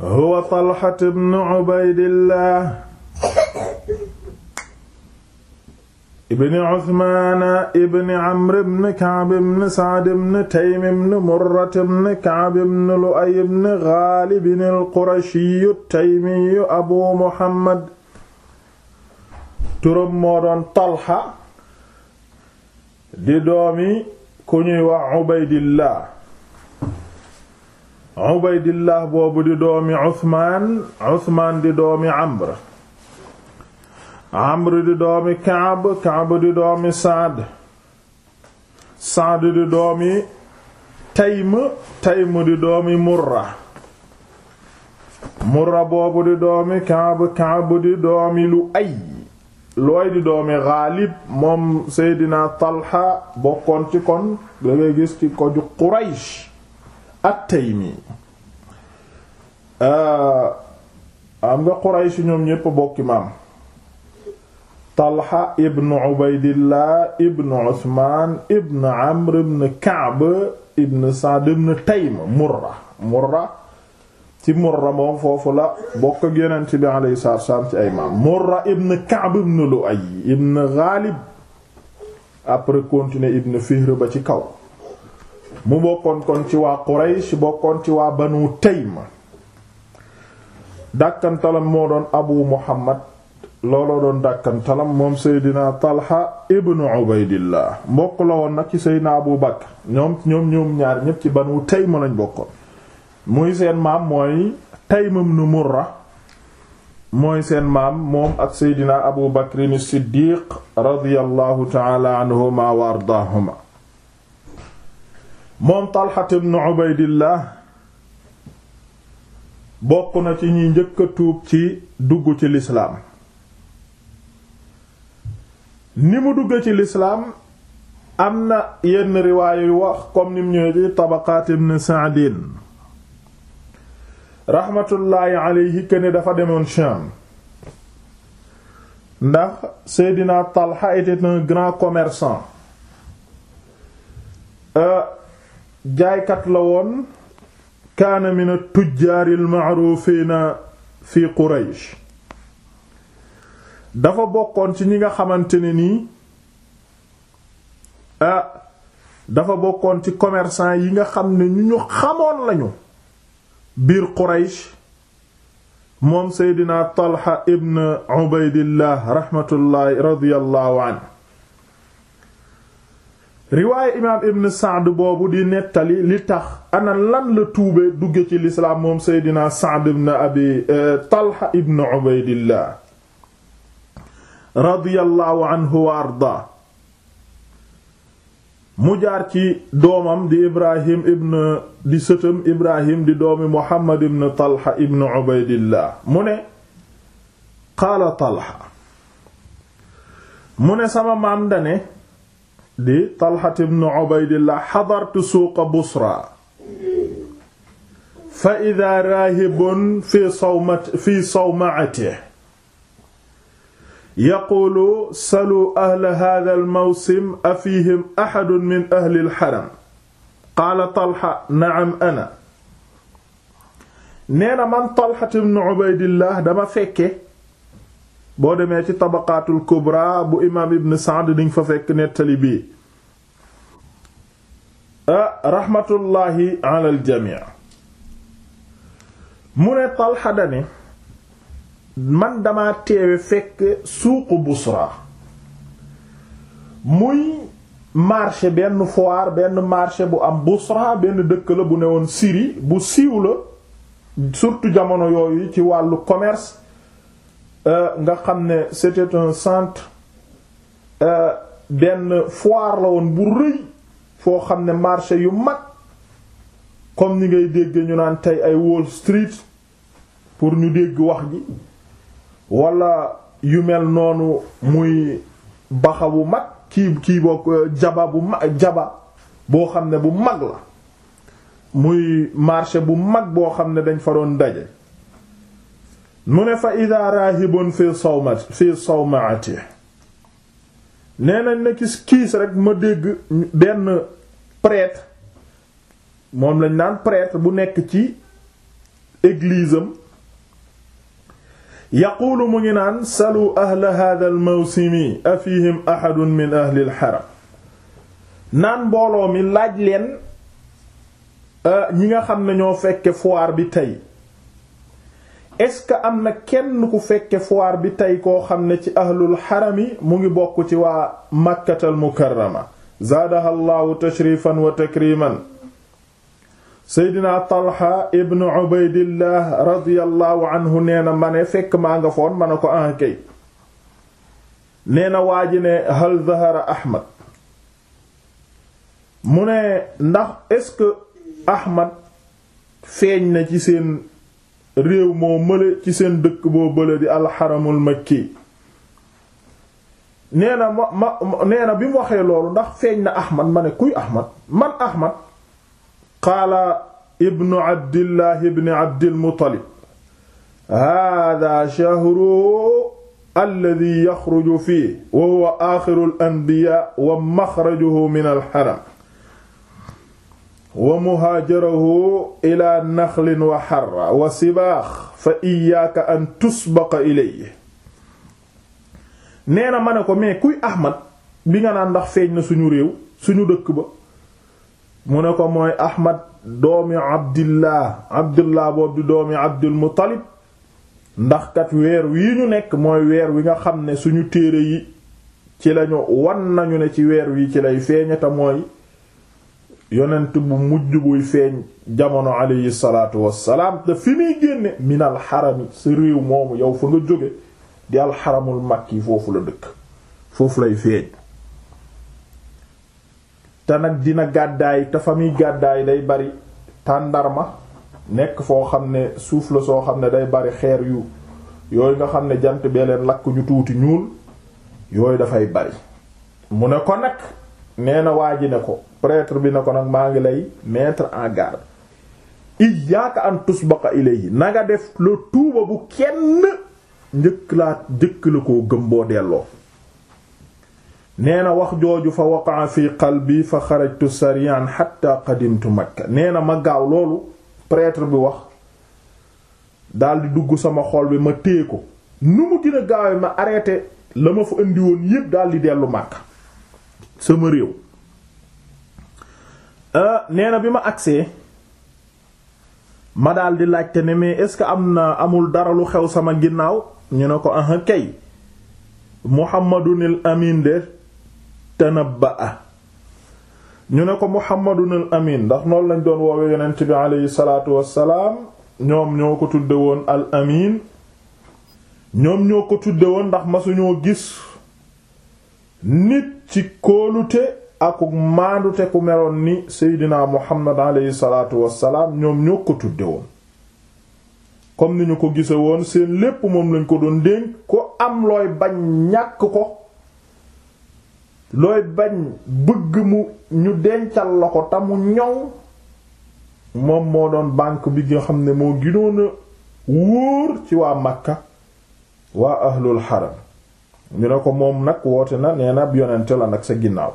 huwa Talxat ibn Ubaydillah ibn Usmaan ibn Amr ibn Ka'b ibn Sa'd ibn Taym ibn Murra ibn Ka'b ibn Lu'ay ibn Ghaalib al-Qurashi at-Taymi Abu Muhammad turam moo doon Talxa di doomi ku ñuy wax Ubaydillah Ubaydillah boobu di doomi Usmaan Usmaan di doomi Amr Amr di doomi Kaab Kaab di doomi Saad Saad di doomi Taym Taym di doomi Murra Murra boobu di doomi Kaab Kaab di doomi Lu'ay Lu'ay di doomi Gaalib moom Seydina Talha bokkoon ci kon da gis ci ko ju Quraysh at-Taymi euh, am nga Quraysh ñoom ñépp bokk imaam Talha ibn Ubaydillah ibn Usmaan ibn Amr ibn Ka'b ibn Sa'd ibn Taym Murra Murra ci Murra moom foofu la bokk ak Yonent bi alayhi salaatu wassalaam ci ay maam Murra ibn Ka'b ibn Lu'ay ibn Ghalib après continuer ibn Fihr ba ci kaw mu bokkoon kon ci waa Quraysh bokkoon ci waa Banu Taym dàkkantalam moo doon Abu Muhammad looloo doon dàkkantalam moom Seydina Talha ibnu Ubaydillah mbokk la woon nag ci Seydina Abu Bakr ñoom ñoom ñoom ñaar ñépp ci Banu Taym lañ bokkoon muy seen maam mooy Taym ibnu Murra mooy seen maam moom ak Seydina Abu Bakr as-Siddiq ta'ala anhuma wa ardaahuma moom Talxat Ubaydillah bokk na ci ñi njëkk tuub ci dugg ci lislaam ni mu dugg ci lislaam am na yenn riwaaya yu wax comme nim ñëwee ci Tabaqaat ibn Sa'din raxmatullaahi alayhi ne dafa demoon Sham ndax Seydina Talxa était un grand commerçant euh, jaaykat la woon kaana min at-tujjaari al-ma'ruufiina fi Quraysh dafa bokkoon ci ñi nga xamante ne nii ah dafa bokkoon ci commerçant yi nga xam ne ñu ñu xamoon lañu biir Quraysh moom Seydina Talha ibn Ubaydillah rahmatullahi radiyallahu anhu riwaaye imaam ibn Saad boobu di nettali li tax ana lan la tuube dugge ci lislaam moom seydina Saad ibn abi eh, Talha ibn Ubaydillah radiyallahu anhu wa ardaa mu jaar ci doomam di Ibrahim ibn di sëtam Ibrahim di doomi Muhammad ibn Talha ibn Ubaydillah mu ne qaala Talha mu ne sama maam dane di Talha ibn Ubaydillah xadartu suuqa Busra fa idaa raahibun fi sawmat fi sawma'atihi yaquulu saluu ahla haadhal mawsim afiihim ahadun min ahlil haram qaala Talha na'am ana nee na man Talha ibn Ubaydillah dama fekke boo demee ci tabaqaatul kubra bu imaam ibn Sa'd dinga fa fekk nettali bii ah, raxmatullaahi alal jamii mu ne Talxa man dama teewe fekk suuqu Busra muy marché benn foire benn marché bu am Busra benn dëkk la bu newoon Syrie bu siiw la surtout jamono yooyu ci wàllu commerce Euh, nga xam ne c'était un centre euh, benn foire la woon bu rëy foo xam ne marché yu mag comme ni ngay dégg ñu naan tey ay Wall Street pour ñu dégg wax gi wala yu mel noonu muy baxawu bu mag kii kii bokk euh, jaba bu mag jaba boo xam ne bu mag la muy marché bu mag boo xam ne dañ fa doon daje mu ne fa ida raahibun fi sawmat fi sawmaati nee nañ ne kis kiis rek ma dégg benn prêtre moom lañ naan prêtre bu nekk ci église am mu ngi naan salu ahla hadha al a afihim ahadun min ahli al naan mbooloo mi laaj leen ah, ñi nga xam ne ñoo fekke foire bi tey est-ce que am na kenn ku fekke foire bi tey koo xam ne ci ahlul xarami mu ngi bokk ci waa makkatal mukarrama zaadaha llahu tashrifan wa takriman seydina talha ibn ubaydillah radiallahu anhu nee ma fekk maa nga foon ma ko ankay ah, nee na waa ji ne hal zahara ahmad mu ndax est-ce que ahmad feeñ na ci seen réew moo mële ci seen dëkk boo bële di alxaramul makki nee na ma ma nee na bi mu waxee loolu ndax feeñ na ahmad ma ne kuy ahmad man ahmad qaala ibnu abdillah ibni abdilmutalib hada shahru alladi yaxruju fiihi wa huwa axiru al anbiya wa maxrajuhu min alxaram wa muhaajarahu ila naxlin wa xarra wa sibaax fa iyaaka an tusbaqa ilayhi nee na ma ne ko mais kuy ahmad bi nga naan ndax feeñ na suñu réew suñu dëkk ba mu ne ko mooy ahmad doomi abdillah abdillah boobu di doomi abdul ndax kat weer wii ñu nekk mooy weer wi nga xam ne suñu téere yi ci lañu wan nañu ne ci weer wii ci lay feeñata mooy yonent bu mujj buy feeñ jamono alayhi salaatu wassalaam te fi muy génne min alxarami sa réew moomu yow fa nga jóge di alxaramul makki foofu la dëkk foofu lay feeñ te nag dina gàddaay te fa muy gàddaay day bari tàndarma nekk foo xam ne suuf la soo xam ne day bari xeer yu yooyu nga xam ne jant bee leen lakk ju tuuti ñuul yooyu dafay bari mu ne ko nag nee na waa ji ne ko prêtre bi na ko nag maa ngi lay mettre en garde iyyaka an tusbaqa ilayhi na nga def la tuuba bu kenn njëkk laa njëkk la koo gëm boo delloo nee na wax jooju fa waqaa fi bi fa xarajtu sarian xatta qadimtu makka nee na ma gaaw loolu prêtre bi wax daldi dugg sama xol bi ma téye ko nu mu gën ma arrêté la ma fa indi woon yépp daldi dellu màkk sama réew Euh, nee bi ma agsee ma daal di laajte ne mais est-ce que am na amul dara lu xew sama ginnaaw ñu ne ko ah kay Muhammadunil Amin de tanabba'a ñu ne ko Muhammadunil amiin ndax noonu lañ doon woowee yonent bi aleyhi salaatu wassalaam ñoom ñoo ko tudde woon al Amin ñoom ñoo ko tudde woon ndax masuñoo gis nit ci kóolute akuk maandute ku meloon ni seydinaa muhammad aleyhi salaatu wassalaam ñoom ñoo ko tudde woon comme ni ñu ko gise woon seen lépp moom lañ ko doon dénk ko am looy bañ ñàkk ko looy bañ bëgg mu ñu dencal la ko tamu ñaw moom moo doon banque bi nga xam ne moo ginoon a wóor ci waa Makka waa ahlul haram ñu ne ko moom nag woote na nee na ab yonente la nag sa ginnaaw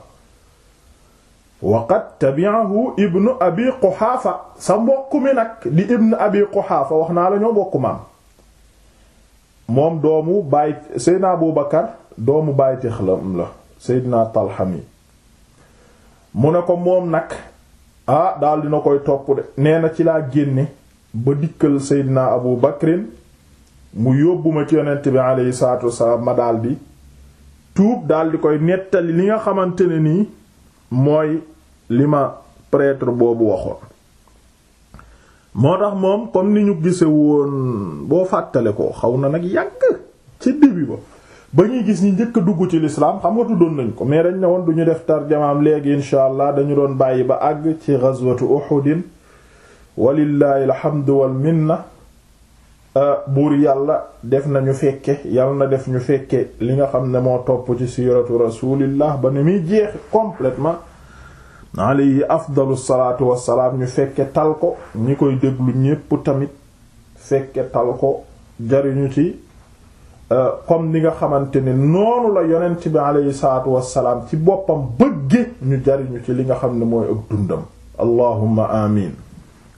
waqad tabi'ahu ibnu abi quxaafa sa mbokk mi nag di ibnu abi quxaafa wax naa lañoo bokk maam moom doomu baay seydna abu bakar doomu baay texlam la seydna talxami mu ne ko moom nag ah daal dina koy topp de nee na ci laa génne ba dikkal seydna abu bakrin mu yóbbu ma ci yonent bi aleyhi salaatu wasalaam ma daldi tuub daldi koy nettali li nga xamante ne nii mooy li ma prêtre boobu waxoon moo tax moom kon ni ñu gise woon boo fàttale ko xaw na nag yàgg ci début ba ba ñuy gis ñi njëkk dugg ci lislaam xam nga tuddoon nañ ko mais dañ ne woon du ñu def tarjamaam léegi insha allah dañu doon bàyyi ba àgg ci ghazwatu uhudin walillahi alhamdu wal minna Ah, buur yàlla def nañu fekke yàlla na def ñu fekke li nga xam ne moo topp ci siiratu rasulillah ba nu muy jeex complètement alayhi afdalu salaatu wassalaam ñu fekke tal ko ñi koy déglu ñépp tamit fekke tal ko jariñu ci kom ah, li nga xamante ne noonu la yonent bi alayhi salaatu wassalaam ci boppam bëgge ñu jariñu ci li nga xam ne mooy ak dundam allahumma amin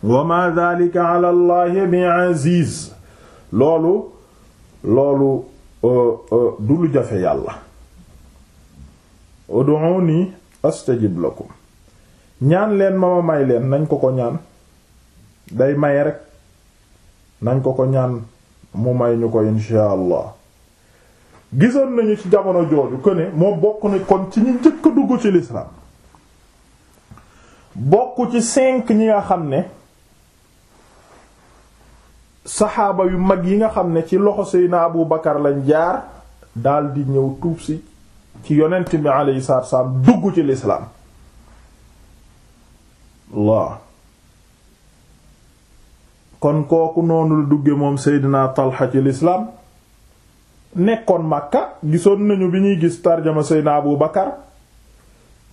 wa ma dhalika ala allah bi aziz loolu loolu euh, euh, du jafe yàlla ud'uni astajib ko ñaan leen ma ma may leen nañ ko ko ñaan day may rek nañ ko ko ñaan mu may ñu ko insha allah gisoon nañu ci jamono jooju ko ne moo bokk ni kon ci ñu njëkk dugg ci lislaam bokk ci cinq ñi nga xam ne saxaaba yu mag yi nga xam ne ci loxo Seydina Abu Bakar lañ jaar daldi ñëw tuub si ci yonent bi alayhi salaatu wassalaam dugg ci lislaam Allah kon kooku noonu la dugge moom Seydina Talha ci lislaam nekkoon Makka gisoon nañu bi ñuy gis tarjama Seydina Abu Bakar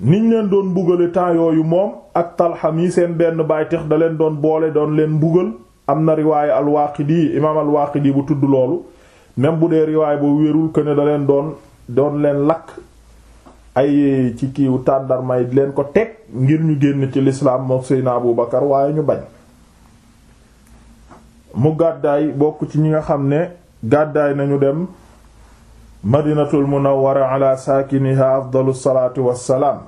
niñ leen doon bugale temps yooyu moom ak Talha mi seen benn baay tax da leen doon boole doon leen bugal am na riwaayu al-Waaqidi imaam al bu tudd loolu même bu dee riwaay boobu wérul que ne da doon doon leen lakk ay ci kiiwu tàndarma leen ko teg ngir ñu génn ci lislaam mook Seydina Abu Bakar waaye ñu bañ mu gàddaay bokk ci ñi nga xam ne gàddaay nañu dem madinatul munawwara ala saakiniha afdalu salaatu wassalaam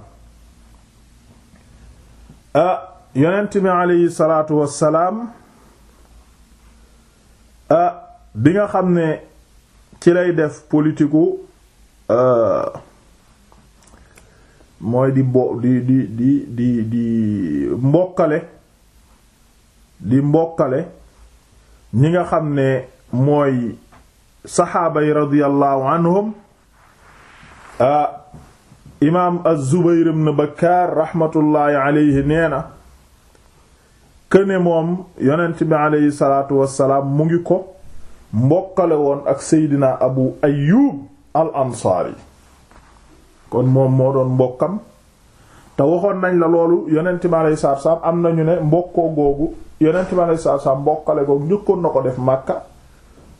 ah yonent bi salaatu wassalaam Ah, bi nga xam ne ci lay def politiku ah, mooy di bo di di di di di mbokkale di mbokkale ñi nga xam ne mooy saxaaba yi radiyallahu anhum ah, imaam az-Zubayr ibn Bakkaar raxmatullaahi alayhi nee na këne moom yonent bi aleyhi salaatu wassalaam mu ngi ko mbokkale woon ak seydina abu ayub al ansaari kon moom moo doon mbokkam te waxoon nañ la loolu yonent bi aleyhi salaatu wassalaam am nañu ne mbokkoo googu yonent bi aleyhi salaatu mbokkale googu njëkkoon na ko def màkka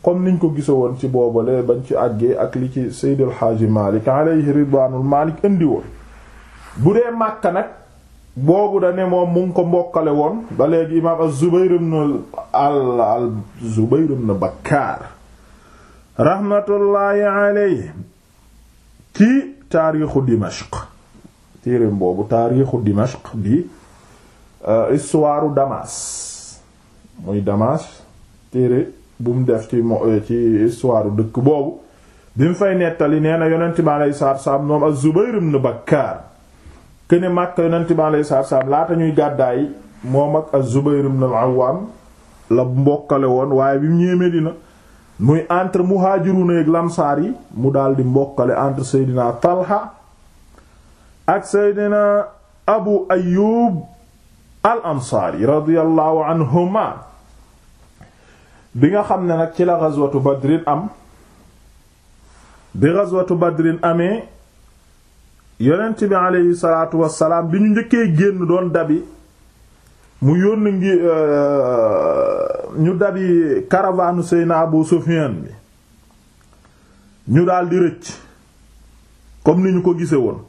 comme niñ ko gise woon ci boobale bañ ci àggee ak li ci seydil xaaji malik aleyhi ridwaanul malik indi woon bu dee màkka nag boobu da ne moom mu ngi ko mbokkale woon ba léegi imaam az-Zubayr ibn al al Zubayr ibn Bakkaar rahmatullaahi alayhi ci taarixu Dimashq téereem boobu taarixu Dimashq di euh, histoire Damas muy Damas téere bu mu def ci mo euh, ci histoire dëkk boobu bi mu fay nettali nee na yonent bi alayhi salaatu moom az-Zubayr ibn Bakkaar këne Makka yonent bi alayhi salaatu laata ñuy gàddaay moom ak az-Zubayr ibn al-Awwam la mbokkale woon waaye bi mu ñëwee Medina muy entre muhaajiruun ak lansaar yi mu daldi mbokkale entre Seydina Talha ak Seydina Abu Ayyub al-Ansaari radiyallahu anhuma bi nga xam ne nag ci la ghazwatu Badrin am bi ghazwatu Badrin amee yonent bi aleyhi salaatu wassalaam bi ñu njëkkee génn doon dabi mu yónn ngi euh, ñu dabi caravane Seyna Abu Sufyan bi ñu daldi rëcc comme ni ñu ko gise woon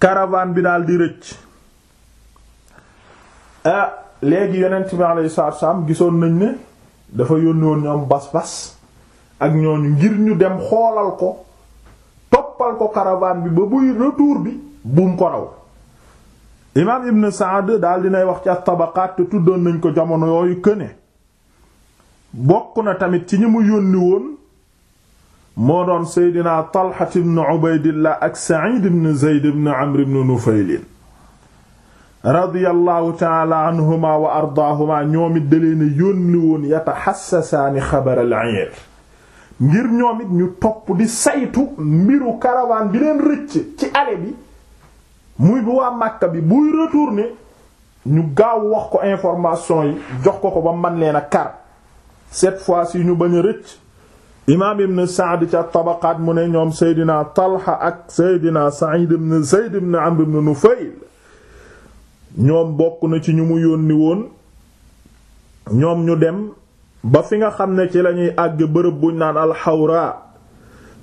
caravane bi daldi rëcc ah léegi yonent bi aleyhi salaatu wassalaam gisoon nañ ne dafa yónni woon ñoom bas bas ak ñooñu ngir ñu dem xoolal ko toppal bi ba buy imaam ibn Saad daal dinay wax ci at-Tabaqaat te tuddoon nañ ko jamono yooyu këne bokk na tamit ci ñi mu yónni woon moo doon Seydina Talha ibn Ubaydillah ak Sa'id ibn Zayd ibn Amr ibn Nufayl radiyallahu taala wa ardaahuma ñoom it da leen a yónni woon yataxassasaani xabaral ngir ñoom it ñu topp di saytu mbiru caravane bi leen rëcc ci ale bi muy bu waa Makka bi buy retourner ñu gaaw wax ko information yi jox ko ko ba man leen a kar set fois-ci ñu bañ a rëcc imaam ibn Sa'd ca tabaqaat mu ne ñoom Seydina Talha ak Seydina Sa'id ibn Zayd ibn Amr ibn Nufayl ñoom bokk na ci ñu mu yónni woon ñoom ñu dem ba fi nga xam ne ci lañuy àgg bërëb buñ naan alxawra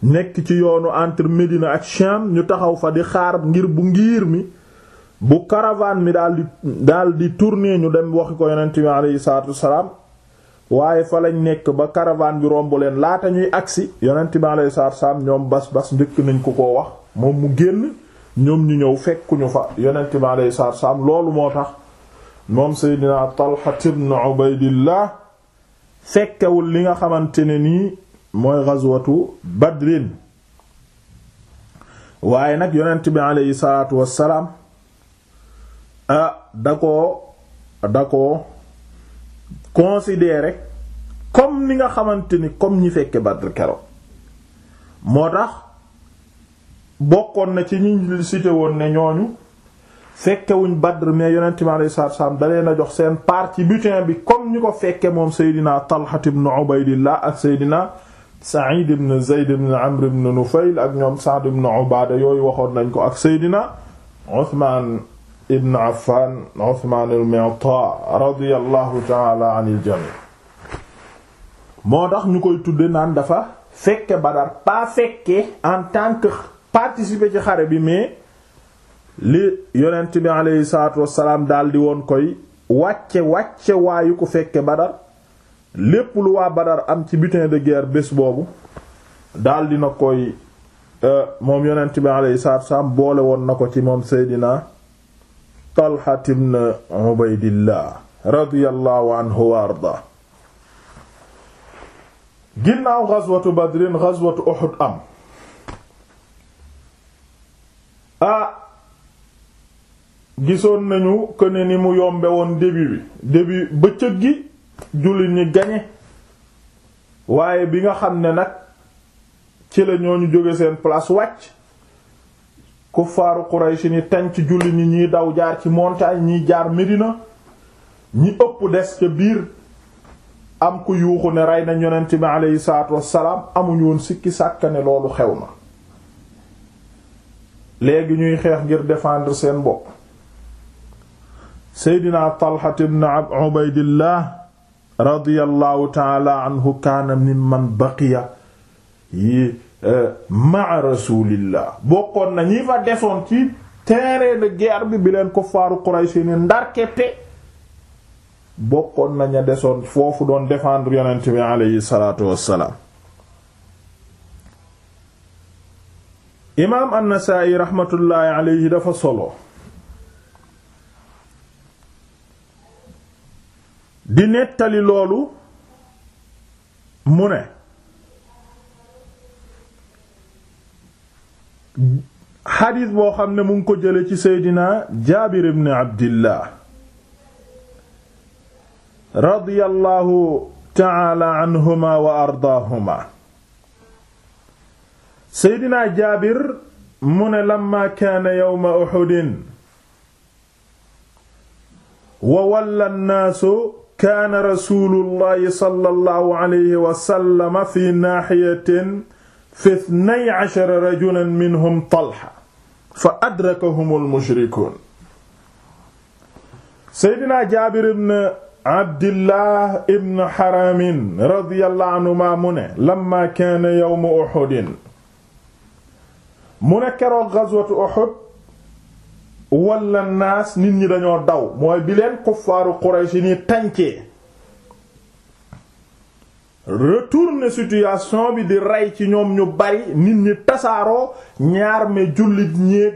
nekk ci yoonu entre Médina ak Sham ñu taxaw fa di xaar ngir bu ngiir mi bu caravane mi daal di daal ñu dem waxi ko yonent bi aleyhi salaatu wasalaam waaye fa lañ nekk ba caravane bi romb leen laata ñuy agsi yonent bi aleyhi salaatu wasalaam ñoom bas bas njëkk nañ ko koo wax moom mu génn ñoom ñu ñëw fekkuñu fa yonent bi aleyhi salaatu loolu moo tax moom Seydina Talha ibn Ubaydillah fekkewul li nga xamante ne nii mooy ghazwatu badrin waaye nag yonent bi aleyhi salaatu wassalaam ah da koo da koo considéré comme ni nga xamante ni comme ñi fekke Badr keroog moo tax bokkoon na ci ñi cité woon ne ñooñu fekkewuñ Badr mais yonent mi alayhi salaatu salaam dalee na jox seen part ci butin bi comme ñu ko fekke moom Seydina Talha ibn Ubaydillah ak Seydina Sa'id ibn Zayd ibn Amr ibn Nufayl ak ñoom Sa'd ibn Ubaada yooyu waxoon nañ ko ak Seydina Uthman ibn Affan Uthman moo tax ñu koy tudde naan dafa fekke Badar pas fekke en tant que participer ci xare bi mais li yonent bi aleyhi salaatu wassalaam daldi woon koy wàcce wàcce waayu ko fekke badar lépp lu waa badar am ci butin de guerre bés boobu daldi na koy euh, moom yonent bi aleyhi salaatu wassalaam boole woon na ko ci moom seydina Talha ibn Ubaydillah radiyallahu anhu wa arda ginnaaw ghazwatu badrin ghazwatu Uhud am ah, gisoon nañu ko ne ni mu yombe woon débi bi début bëccëg gi jullit ñi gañe waaye bi nga xam ne nag ci la ñooñu jóge seen place wàcc kuffaaru Quraysh ni tànc julli ñi ñiy daw jaar ci montagne ñiy jaar Médina ñi ëpp des ca biir am ku yuuxu ne rey na yonent bi aleyhi salaatu wassalaam amuñu woon sikki sàkkane loolu xew na léegi ñuy xeex ngir défendre seen bopp seydina Talha ibn Ubaydillah radiyallahu taala anhu kaana mimman baqiya yi e, ma'a rasulillah bokkoon na ñi fa desoon ci terrain de guerre bi bi leen kuffaaru ni ndar keppe bokkoon na ña desoon foofu doon défendre yonent bi aleyhi salaatu wassalaam imaam an-Nasaa'i dafa solo di nettali loolu mune ne xadiis boo xam ne mu ngi ko jële ci seydina jaabir ibn abdillah radiyallahu taala anhuma wa ardaahuma seydina jaabir mu ne lamma kaana yawma uhudin wa walla naasu kaana rasuulullahi sallallahu alayhi wa sallam fi naahiyatin fi ithnay ashara rajulan minhum Talha fa adrakahumul mushrikuun Seydina Jaabir ibn Abdillah ibn Haramin radiyallahu anhumaa mu ne lammaa kaana yawmu Uhudin mu ne keroog gazwatu Uhud wala naas nit ñi dañoo daw mooy bi leen kuffaaru yi ni tàncee retourner situation bi di rey ci ñoom ñu bari nit ñi tasaaroo ñaar me jullit ñeeg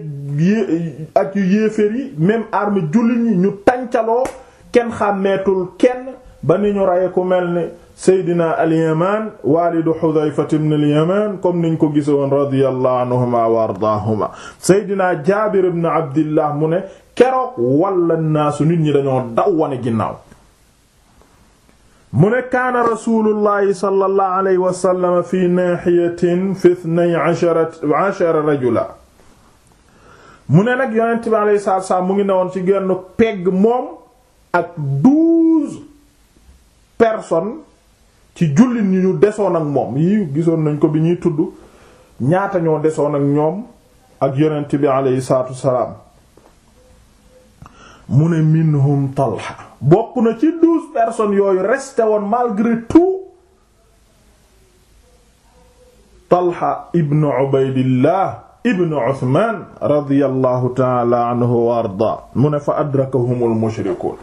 ak yu yi même arme jullit ñu tàncaloo kenn xàmmeetul kenn ba ni ñu rey ku mel ni seydina alyamaan waalidu xudayfat ibn alyamaan comme niñ ko gise woon radiyallahu anhuma wa ardaahuma seydina jaabir ibn abdillah mu ne keroog walla naasu nit ñi dañoo daw wane mu ne kaana rasulullahi sallallahu alayhi wa fi naahiyatin fi ithnay mu ne nag yonent salaam mu ngi newoon ci genn pegg moom ak douze personnes ci jullit ñi ñu desoon ak moom yi gisoon nañ ko bi ñuy tudd ñaata ñoo desoon ak ñoom ak yonent bi aleyhi salaatu salaam mu ne minhum Talha bokk na ci douze personnes yooyu resté woon malgré tout Talha ibn Ubaydillah ibn Uthman radiyallahu ta'ala mu ne fa adrakahumul mushrikuun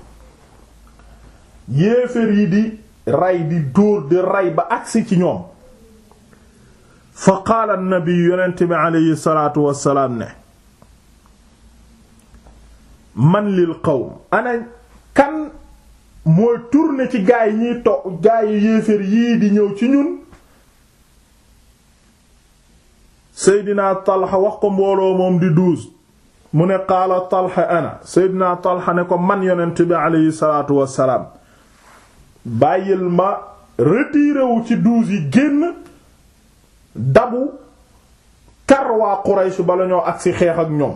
yéefar yi di rey di dóor di rey ba agsi ci ñoom fa qaala nabi yonent bi aleyhi salaatu wassalaam ne man lil qawm ana kan mooy tourner ci gaay to gaay yéeféer yii di ñëw ci ñun seydinaa talxa wax ko mbooloo moom di douze mu ne qaala talxa ana seydinaa talxa ne ko man yonent bi aleyhi salaatu wassalaam bàyyil ma retiré wu ci douze yi génn dabu kar waa Quraysh bala ñoo agsi xeex ak ñoom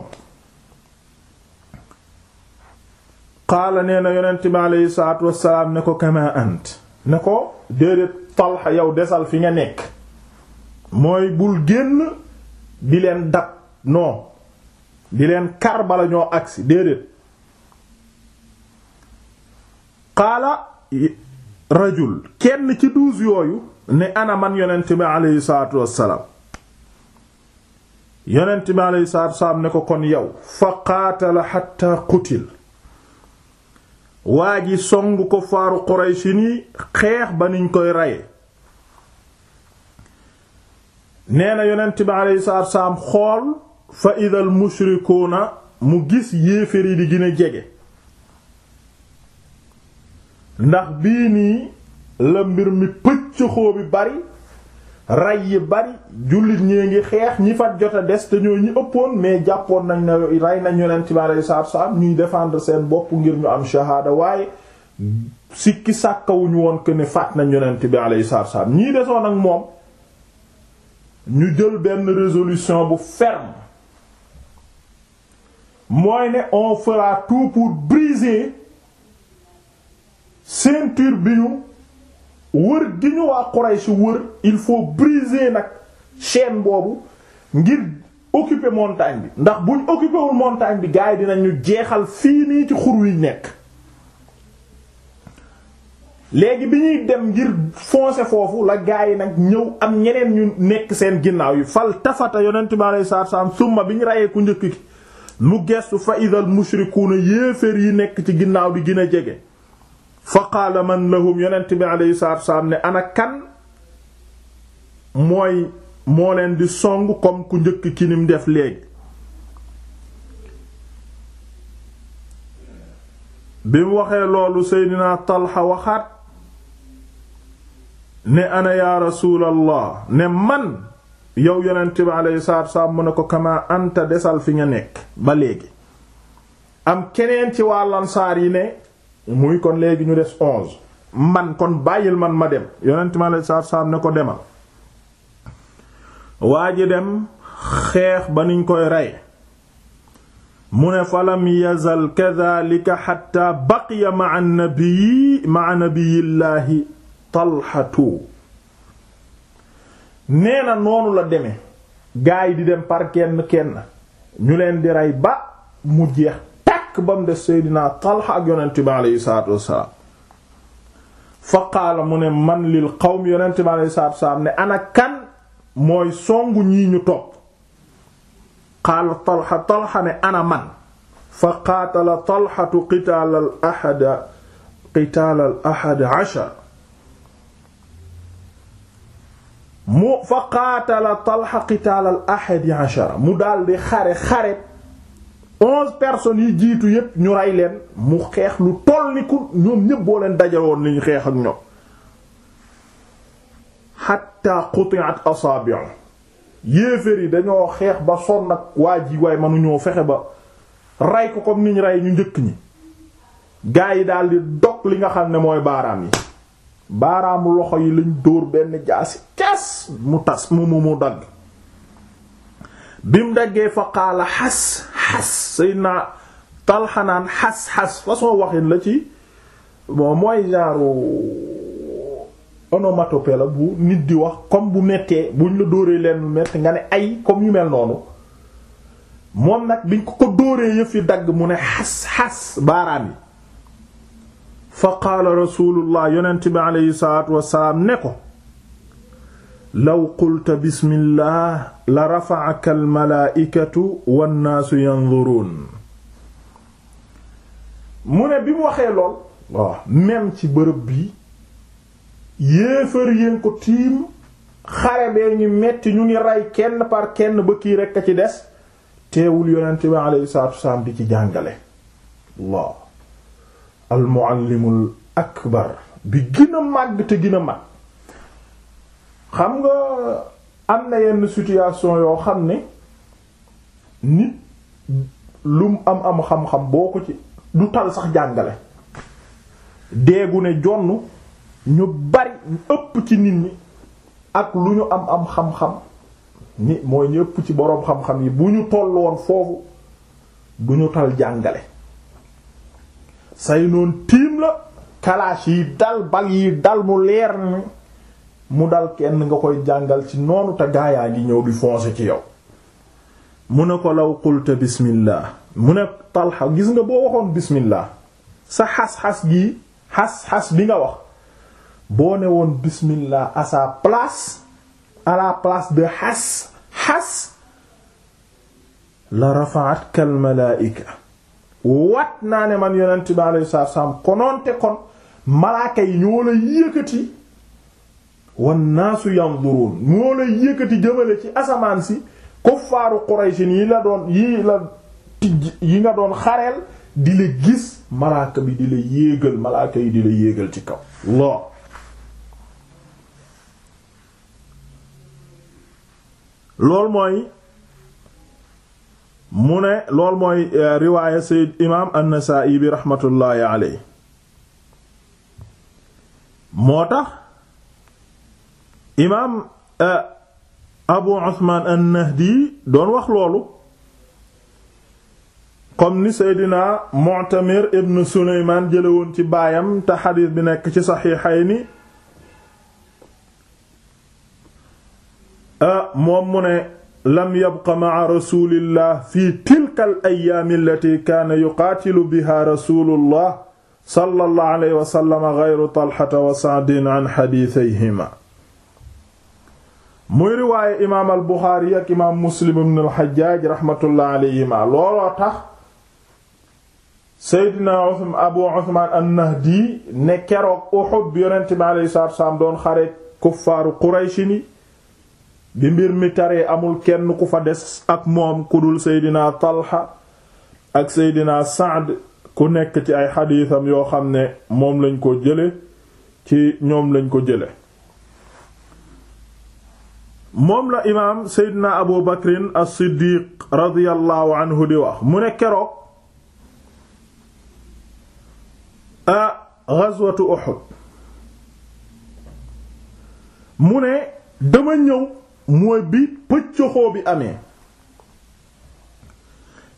qaala nee na yonent bi aleyhi salaatu wassalaam ne ko kama ant ne ko déedéet Talha yow desal fi nga nekk mooy bul génn di leen dab non di leen kar bala ñoo agsi déedéet qaala rajul kenn ci douze yooyu ne ana man yonent bi aleyhi salaatu wassalaam yonent bi aleyhi salaatu wassalaam ne ko kon yow fa qaatala xatta qutil waa ji song ko faaru Qurayshi ni xeex ba nuñ koy reye nee na yonent bi aleyhi salaatu xool fa idal mushrikuuna mu gis yéefér yi di gën jege ndax bii nii la mbir mi pëcc xoo bari ray yi bari jullit ñee ngi xeex ñi fat jot a des te ñoo ñi ëppoon mais jàppoon nañ na rey nañ yonent bi aleyhi salaatu salaam ñuy défendre seen bopp ngir ñu am shahada waaye sikki sàkkawuñu woon que ne faat nañ yonent bi aleyhi salaatu salaam ñii desoon ak moom ñu jël benn résolution bu ferme mooy ne on fera pour briser ceinture bi ñu wër gi ñu waa Quraysh wër il faut briser nag chaîne boobu ngir occuper montagne bi ndax buñ occuper wul montagne bi gars yi ñu jeexal fii nii ci xur wi nekk léegi bi ñuy dem ngir foncer foofu la gars yi nag ñëw am ñeneen ñu nekk seen ginnaaw yi fal tafata yonent bi alayhi salaatu summa bi ñu rayee ku njëkk ki mu gestu fa idal mushrikuuna yéeféer yi nekk ci ginnaaw di gën jege fa qaala man lahum yonent bi alayhi salaatu wasalaam ne ana kan mooy moo leen di song comme ku njëkk ki nim def léegi bi mu waxee loolu seydinaa Talha waxaat ne ana yaa rasuulallah ne man yow yonent bi alayhi salaatu wasalaam mu ne ko kama anta desal fi nga nekk ba léegi am keneen ci waa lansaar yi ne muy kon léegi ñu des onze man kon bàyyil man ma dem yonent ma la saaf saaf ne ko demal waa ji dem xeex ba nuñ koy rey mu ne falam yazal kadhalika xatta baqiya ma'a nabii ma'a nabiyillaahi talxatu nee na noonu la deme gaay di dem par kenn kenn ñu leen di rey ba mu jeex ñàkk ba mu des Seydina Talha ak yonent fa qaala mu ne man lil qawm yonent bi aleyhi salaatu ne ana kan mooy songu ñii ñu topp qaala Talha Talha ne ana man fa qaatala Talhatu qitaalal ahada mu fa qaatala daldi xare xare onze personnes yi jiitu yépp ñu rey leen mu xeex lu toll ni ku ñoom ñépp leen dajaloon li xeex ak ñoom hatta quti'at asabi'u yéeféer yi dañoo xeex ba sonn ak waa ji waaye mënuñoo fexe ba rey ko comme niñ rey ñu njëkk ñi gaa yi daal di dog li nga xam ne mooy baaraam yi baaraamu loxo yi lañ dóor benn jaasi cas mu tas mu mu mu dagg bim daggee fa qaala xas xas Seydina Talha naan xas-xas façon waxin la ci bon mooy genre onomatopée la bu nit di wax comme bu mettee buñ la dóoree leen metti nga ne ay comme ñu mel noonu moom nag biñ ko ko dóoree yëf yi dagg mu ne xas-xas baaraam yi fa qaala rasulullah yonent bi aleyhi salatu wasalaam ne ko law qulta bismillah la rafa'aka almalaaikatu wannaasu yanzuruun mu ne bi mu waxee lool waaw ci bërëb bi yéefar yéen ko tiim xare bee ñu metti ñu ngi rey kenn par kenn ba kii rekk a ci des teewul yonent bi alayhi salaatu di ci jàngale waaw almuallimul akbar bi gën màgg te gën màgg xam nga am na yenn situation yoo xam ne nit lu am am xam-xam boo ko ci du tal sax jàngale deegu ne jonn ñu bari ëpp ci nit ñi ak lu ñu am am xam-xam ni mooy ñu ëpp ci boroom xam-xam yi bu ñu toll woon foofu du ñu tal jàngale say noon tiim la kalaas yi dal bal yi dal mu leer ni mu dal kenn nga koy jàngal ci noonu te gaayaa gi ñëw di foncer ci yow mu ne ko law qulta bismillah mu ne talxa gis nga boo waxoon bismillah sa xas-xas gi xas-xas bi nga wax boo ne woon bismillah à sa place à la place de xas xas la rafa'atka al wat naa ne man yonent bi alayhi salaam konoonte kon malaaka yi ñoo la yëkkati wan naasu yanzurun moo lay yëkkati jëmale ci asamaan si kuffaaru Quraysin yi la doon yi la tijj yi nga doon xareel di la gis malaaka bi di la yéegal malaaka yi di la yéegal ci kaw lool loolu mooy mu ne loolu mooy eh, riwaaya sayyid imaam an-Nasaa'i bi raxmatullaahi alayhi moo tax imaam eh, abu usman an-nahdi doon wax loolu comme ni seydina mu'tamir ibn suleymaan jële woon ci baayam te xadiis bi nekk ci saxiixayni eh, moom mu ne lam yabqa ma'a rasulillah fi tilka al ayyaam allati kaana yuqaatilu biha rasulullah sallallahu alayhi wa sallam ghayru talhata wa sa'din an hadiithayhima muy riwaaye imaam al buxaari ak imaam muslim ibn al xajjaaj raxmatullah alayhima looloo tax seydina abu usmaan an nahdi ne keroog Uhud bi yonent bi alayhi salaatu doon xare kuffaaru qurayshi bi mbir mi taree amul kenn ku fa des ak moom ku dul seydina talxa ak seydina saad ku nekk ci ay xadiisam yoo xam ne moom lañ ko jële ci ñoom lañ ko jële moom la imaam Seydina Abu Bakrin as-Siddiq di wax mu ne keroog a ghazwatu Uhud mu ne dama ñëw mooy bi pëccëxoo bi amee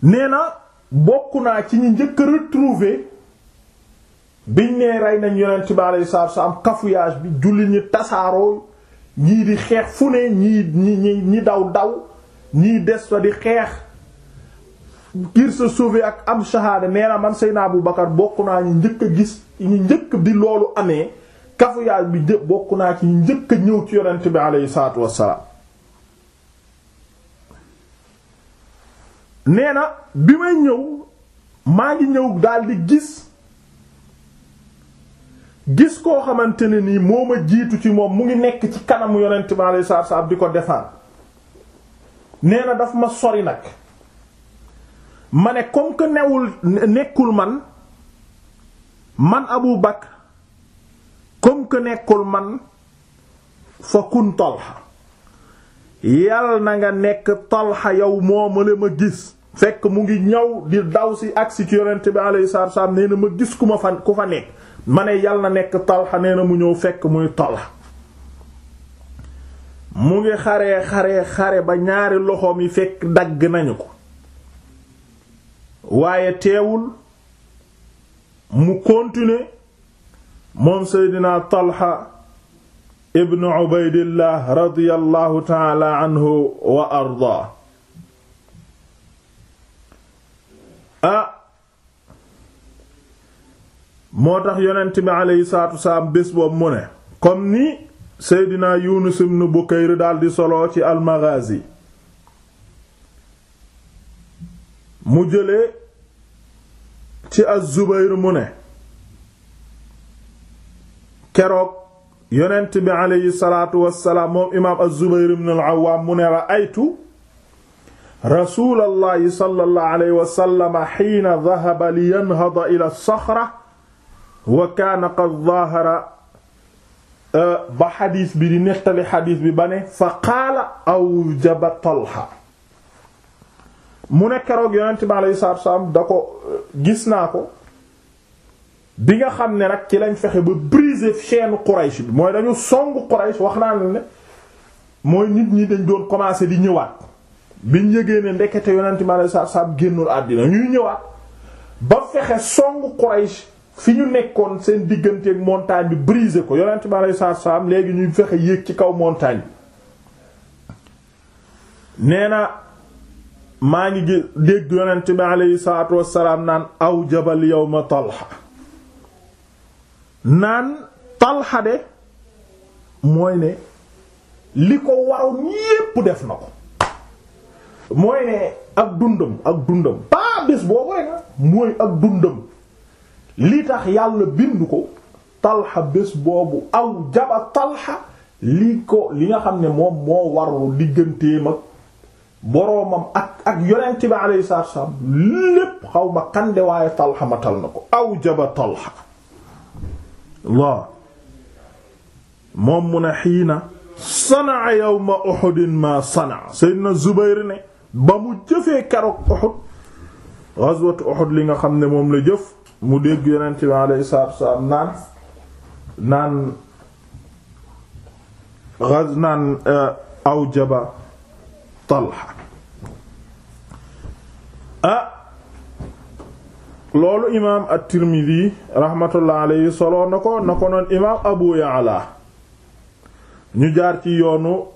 nee na bokk naa ci ñi njëkk a retrouver biñ nee rey nañ yonent bi alayhi salaatu wa salaam bi julli ñi tasaaroo ñii di xeex fu ne ñii ñi ñi daw daw ñii des fa di xeex ngir sa sauver ak am shahada nee na man Seydina Abu Bakar bokk naa ñu njëkk a gis ñu njëkk bi loolu amee kafuyaal bi bokk naa ci ñu njëkk a ñëw ci yonent bi aleyhi salaatu wassalaam nee na bi may ñëw maa ngi ñëw daldi gis gis koo xamante ne nii moo ma jiitu ci moom mu ngi nekk ci kanamu yonent bi alayhi salaatu di ko defaan nee na daf ma sori nag ma ne comme que newul nekkul man man Abu Bakr comme que man fa kun Talha yal na nga nekk Talha yow moo ma la ma gis fekk mu ngi ñëw di daw si agsi ci yonent bi alayhi salaatu nee na ma gis ku ma fa ku fa nekk ma ne yal na nekk talxa nee na mu ñëw fekk muy talxa mu ngi xaree xaree xare ba ñaari loxoom yi fekk dagg nañu ko waaye teewul mu continuer moom seydina talxa ibnu ubaydillah radiyallahu taala anhu wa ardaa ah moo tax yonent bi aleyhi salaatu wasalaam bés boobu mu ne comme ni seydina Yunus ibn Bukayr daldi solo ci al mu jële ci az-Zubayr mu ne keroog yonent bi aleyhi salaatu wasalaam moom imaam az-Zubayr ibn al-Awwaam mu ne ra'aytu rasuulallahi sallallahu alayhi wa sallam hiina dhahaba ila as wa kaana qad zahara e, ba xadiis bi di nettali xadiis bi ba ne fa qaala awjaba Talha mu ne keroog yonent bi alayhi salaatu wassalaam da ko e, gis naa ko bi nga xam ne nag ci lañ fexe ba briser chaîne Quraysh bi mooy dañu song Quraysh wax naa ne mooy nit ñi dañ doon commencer di ñëwaat biñ yëgee ne ndekete yonent bi alayhi salaatu wassalaam génnul àddina ñuy ñëwaat ba fexe song Quraysh fi ñu nekkoon seen digganteeg montagne bi brisé ko yonent bi alei salaatu salaam léegi ñuy fexe yéeg ci kaw montagne bi nee na maa ngi gi dégg yonent bi aleyhi salaatu wassalaam naan aw jabal yow ma talxa naan talxa de mooy ne li ko waroon yépp def na ko mooy ne ak dundam ak dundam ba bés boobu rek mooy ak dundam li tax yàlla bind ko talxa bés boobu aw jaba talxa li ko li nga xam ne moom moo warlu digganteem ak boroomam ak ak yonent bi alayhi salaatu wassalaam lépp xaw ma kande waaye talxa matal na ko aw jaba talxa la moom mu ne xiina sanaa yawma Uhud ma sanaa Seydina Zubayr ne ba mu jëfee keroog Uhud ghazwat Uhud li nga xam ne moom la jëf mu dégg yonent bi alayhi salaatu wassalaam naan naan ghaz naan eh, awjaba Talha ah loolu imaam at-Tirmidhi rahmatullah alayhi solo na ko na ko noon imaam Abu Ya'la ñu jaar ci yoonu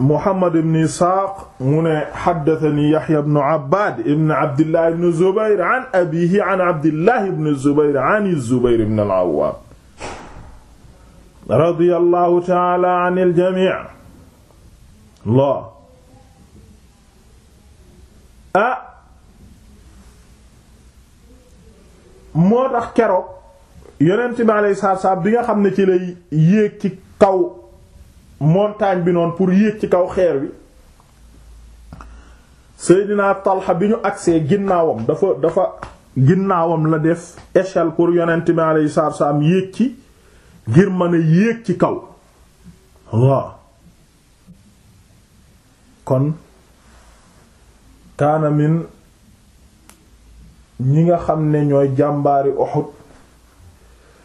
Muhammad ibn Isaaq mu ne haddathani Yahya ibn Abbad ibn Abdillah ibn Zubayr an abiihi an Abdillah ibn Zubayr an az-Zubayr ibn al-Awwam radiyallahu ta'ala anil jamii' Allah ah moo tax keroog Yonent bi alayhi salaatu wa salaam bi nga xam ne ci lay yéeg ci kaw montagne bi noonu pour yéeg ci kaw xeer wi Seydina Talha bi ñu agsee ginnaawam dafa dafa ginnaawam la def échelle pour yonent bi alayhi salaatu yéeg ci ngir mën a yéeg ci kaw waaw kon kaana min ñi nga xam ne ñooy jàmbaari Uhud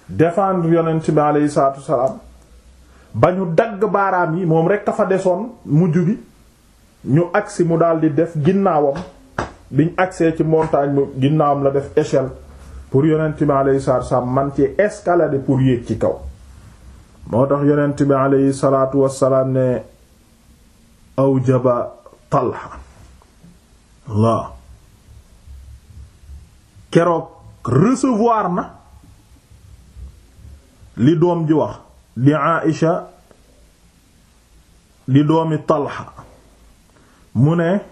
défendre yonent bi alayhi salaatu ba ñu dagg baaraam yi moom rekk dafa fa desoon mujj gi ñu agsi mu daldi def ginnaawam biñ agsee ci montagne mu ginnaawam la def échelle pour yonent bi alayhi salaatu wassalaam man ci escalader pour yéeg ci kaw moo tax yonent bi alayhi salaatu wassalaam ne awjaba Talha waaw keroog recevoir na li doom ji wax di Aïsha di doomi Talha mu ne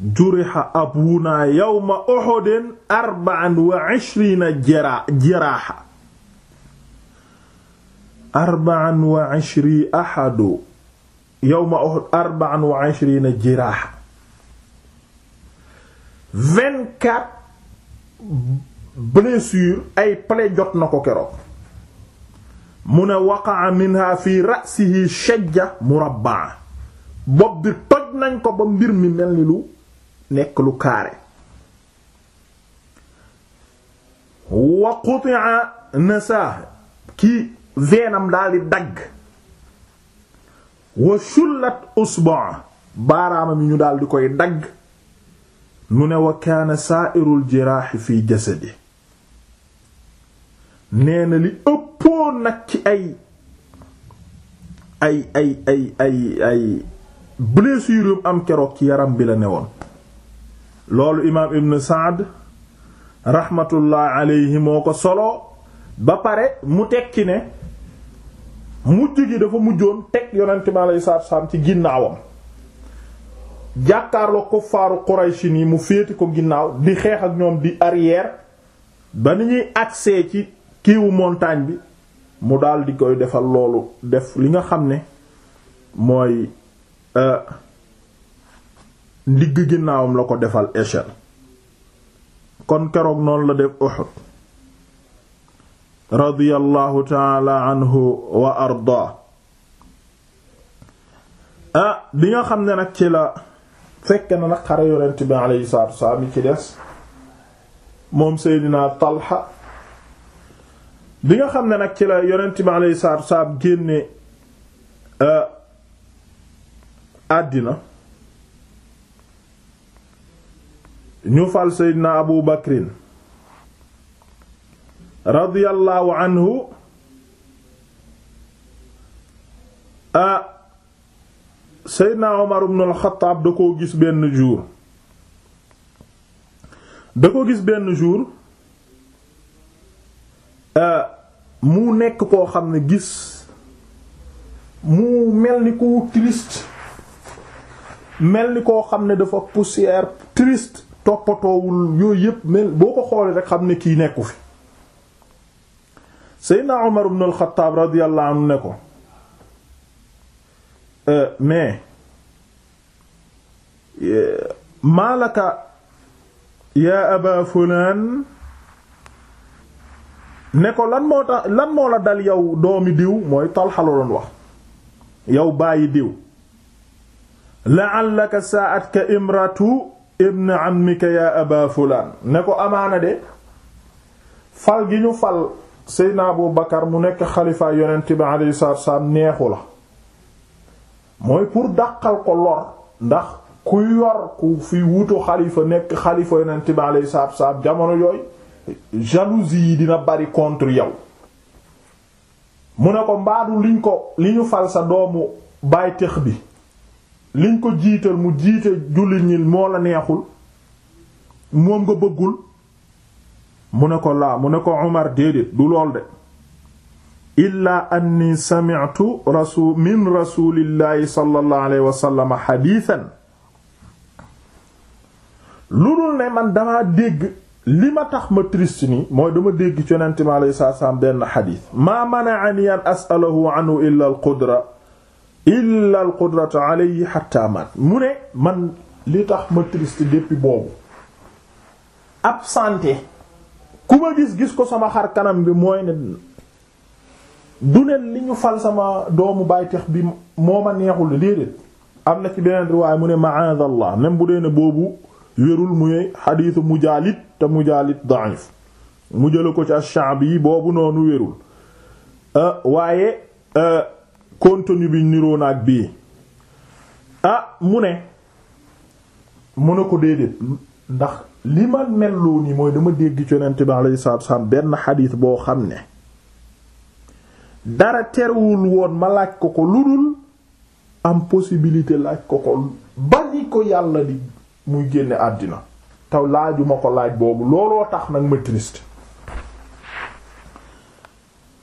juriha abuna yawma Uhud arba'an wa ishrina arba'an wa ishri ahadu arba'an wa ishrina jiraaha ay plaies jot na ko keroog mu ne waqaa minha fi ra'sihi shajja murabbaa bopp toj nañ ko ba mbir mi mel ni lu nekk lu kaare wa quti'a nasaa ki veenam daal dagg wa shullat usbaa baaraamam yi ñu daal koy dagg mu ne wa kaana saa'irul jiraahi fi jasadi nee na li ëppoon nag ci ay ay ay ay ay ay blessure am keroog ci yaram bi la newoon loolu imaam ibn Saad rahmatullah moo ko solo ba pare mu tekki ne mujj gi dafa mujjoon teg yonent bi alayhi salaatu salaam ci ginnaawam jàkkaarloo ko faaru Qurayshi yi mu féeti ko ginnaaw di xeex ak ñoom di arrière ba ni ñuy agsee ci kiiwu montagne bi mu daal di koy defal loolu def li nga xam ne mooy euh, ndigg ginnaawam la ko defal échelle kon keroog noonu la def Uhud radiyallahu taala anhu wa ardaa ah, bi nga xam ne nag ci la fekk na nag xare yonent bi alayhi salaatu wasalaam yi ci des moom Seydina Talha li nga xam ne nag ci la yonent bi alayhi salaatu génne euh, àddina ñu fal seydina abu bakrin radiyallahu anhu a euh, seydina omar ibn da koo gis benn jour da ko gis benn jour euh, mu nekk koo xam ne gis mu mel ni ku triste mel ni koo xam ne dafa poussière triste toppatoowul yooyu yépp mel boo ko xoolee rek xam ne kii nekku fi Seydina Umar ibn al-Khattab radiyallahu anhu ne ko euh, mais euh, maalaka yaa aba fulaan ne ko lan moo la dal yow doomi diw mooy Talxa doon wax yow bàyyi diw la'allaka sa'atka imratu ibn ammika ya aba fulaan ne ko amaana de fal gi ñu fal Seydina Abu Bakar mu nekk xalifa yonent bi alayhi salaatu wassalaam neexu la mooy pour daqal ko lor ndax ku yor ku fi wutu xalifa nekk xalifa yonent bi alayhi salaatu wassalaam jamono yooyu jalousie yi dina bari contre yow mu ne ko mbaadu liñ ko li ñu fal sa doomu baay tex bi liñ ko jiital mu jiite jullit ñi moo la neexul moom nga bëggul mu ne ko laa mu ne ko Umar déedéet du lool de illaa anni sami'tu rasul min rasulillahi sallallahu alayhi wa sallam lu dul ne man dama dégg li ma tax ma triste ni mooy dama dégg ci yonent mi alayhi salaatu salaam benn xadiis maa mana'ani an as'alahu anhu illa al qudra illa al li tax ma triste depuis boobu ku ma gis gis ko sama xar kanam bi mooy ne du ne li ñu fal sama doomu bayteex bi moo ma neexul déedéet am na ci beneen riwaay mu ne ma'aadallah même bu dee ne boobu wérul muy mu mujaalit te mu mujaalit da'if mu jëla ko ci ash yi boobu noonu wérul ah, waaye ah, contenu bi niroo na bii ah mu ne mu ne ko déedéet ndax li ma melloo ni mooy dama dégg ci yonent bi alayhi salaatu wassalaam benn xadiis boo xam ne dara terewul woon ma laaj ko ko lu dul am possibilité laaj ko ko ba ni ko yàlla di muy génne àddina taw laaju ma ko laaj boobu looloo tax nag ma triste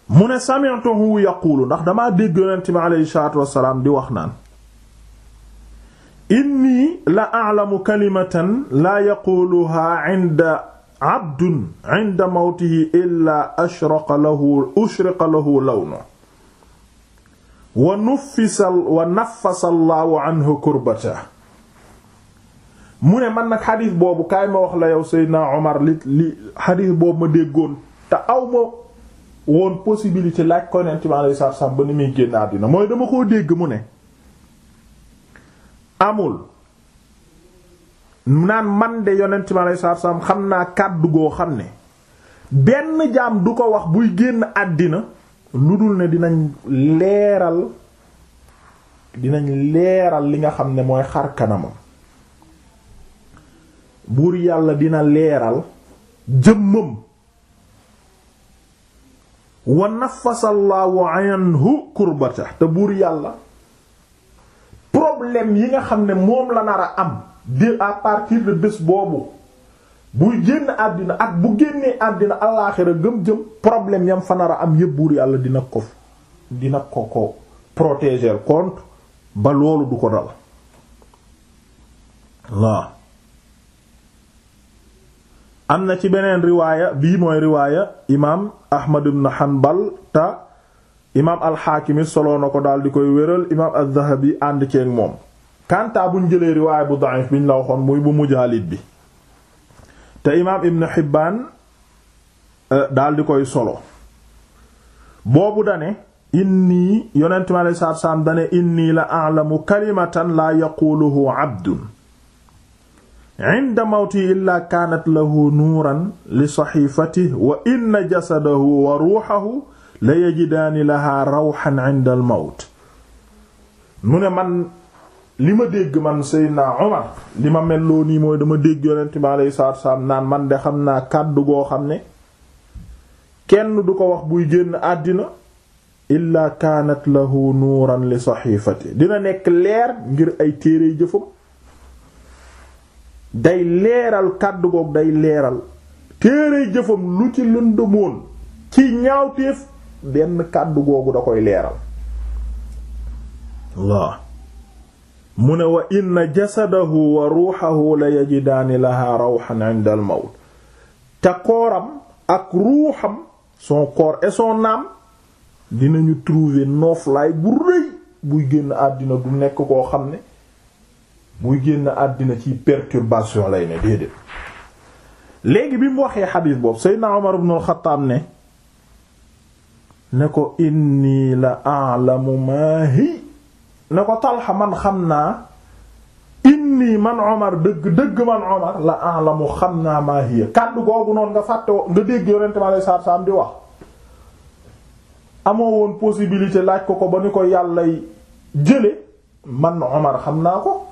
mu ne sami'tuhu yaqulu ndax damaa dégg yonent bi aleyhi salaatu wassalaam di wax naan inni la a'lamu kalimatan la yaquluha 'inda 'abdun 'inda illa ashraqa lahu ushriqa lahu wa nuffisa wa Allahu 'anhu kurbatahu mu ne man nag xadis boobu kaay ma wax la yow Seydina Omar li li xadis boobu ma déggoon te aw ma woon possibilité laaj ko Yonent bi alayhi salaatu salaam ba ni muy génn àddina mooy dama koo dégg mu ne amul naan man de Yonent bi alayhi salaatu salaam xam naa kàddu goo xam ne benn jaam du ko wax buy génn àddina lu dul ne dinañ leeral dinañ leeral li nga xam ne mooy xar kanamam buur yàlla dina leeral jëmmam wa nafasallaahu anhu kurbata te buur yàlla problème yi nga xam ne moom la nar am de à partir de bés boobu buy génn àddina ak bu génnee àddina alaaxira gëm jëm problème yam fa nar a am yépp buur yàlla dina ko dina ko ko protéger contre ba loolu du ko dal waaw am na ci beneen riwaaya bii mooy riwaaya imaam Ahmad ibn Hanbal ta imaam al-Hakim soloo na ko daal di koy wéral imaam az ànd ceeg moom. Kanta buñ jëlee riwaaya bu da'if biñ la waxoon muy bu Mujaalid bi te imaam Ibn Hibbaan eh, koy solo boobu dane inni yonent mi alayhi salaatu wa salaam la a'lamu kalimatan la yaquluhu abdun inda mawti illaa kaanat li saxiifatih wa inna jasadahu wa ruuxahu la yajidaani lahaa ne man li dégg man Seydina Omar li mel loo nii mooy dégg yonent naan man de xam naa kàddu goo xam ne kenn du ko wax buy génn àddina illaa kaanat lahu nuuran li saxiifati dina nekk leer ngir ay téere jëfam day leeral kàddu goog day leeral téere jëfam lu ci lëndëmoon ci ñaawteef benn kàddu googu da koy leeral waa mu ne wa inna jasadahu wa ruuxahu la yajidaani laha rawxan inda al mawt te kooram ak ruuxam son corps et son dinañu trouver nooflaay bu rëy buy génn àddina du nekk koo xam ne muy génn àddina ci perturbation lay ne déedéet léegi bi mu waxee xadiis boobu Seydina Umar ibn al-Khattab ne ne ko inni la a'lamu ma ne ko Talha man xam naa inni man Umar dëgg dëgg man Umar la a'lamu xam naa ma hi kàddu googu noonu nga fàtte nga dégg yonent ma lay saab saab di wax amoo woon possibilité laaj ko ko ba ni ko yàllay jële man Umar xam naa ko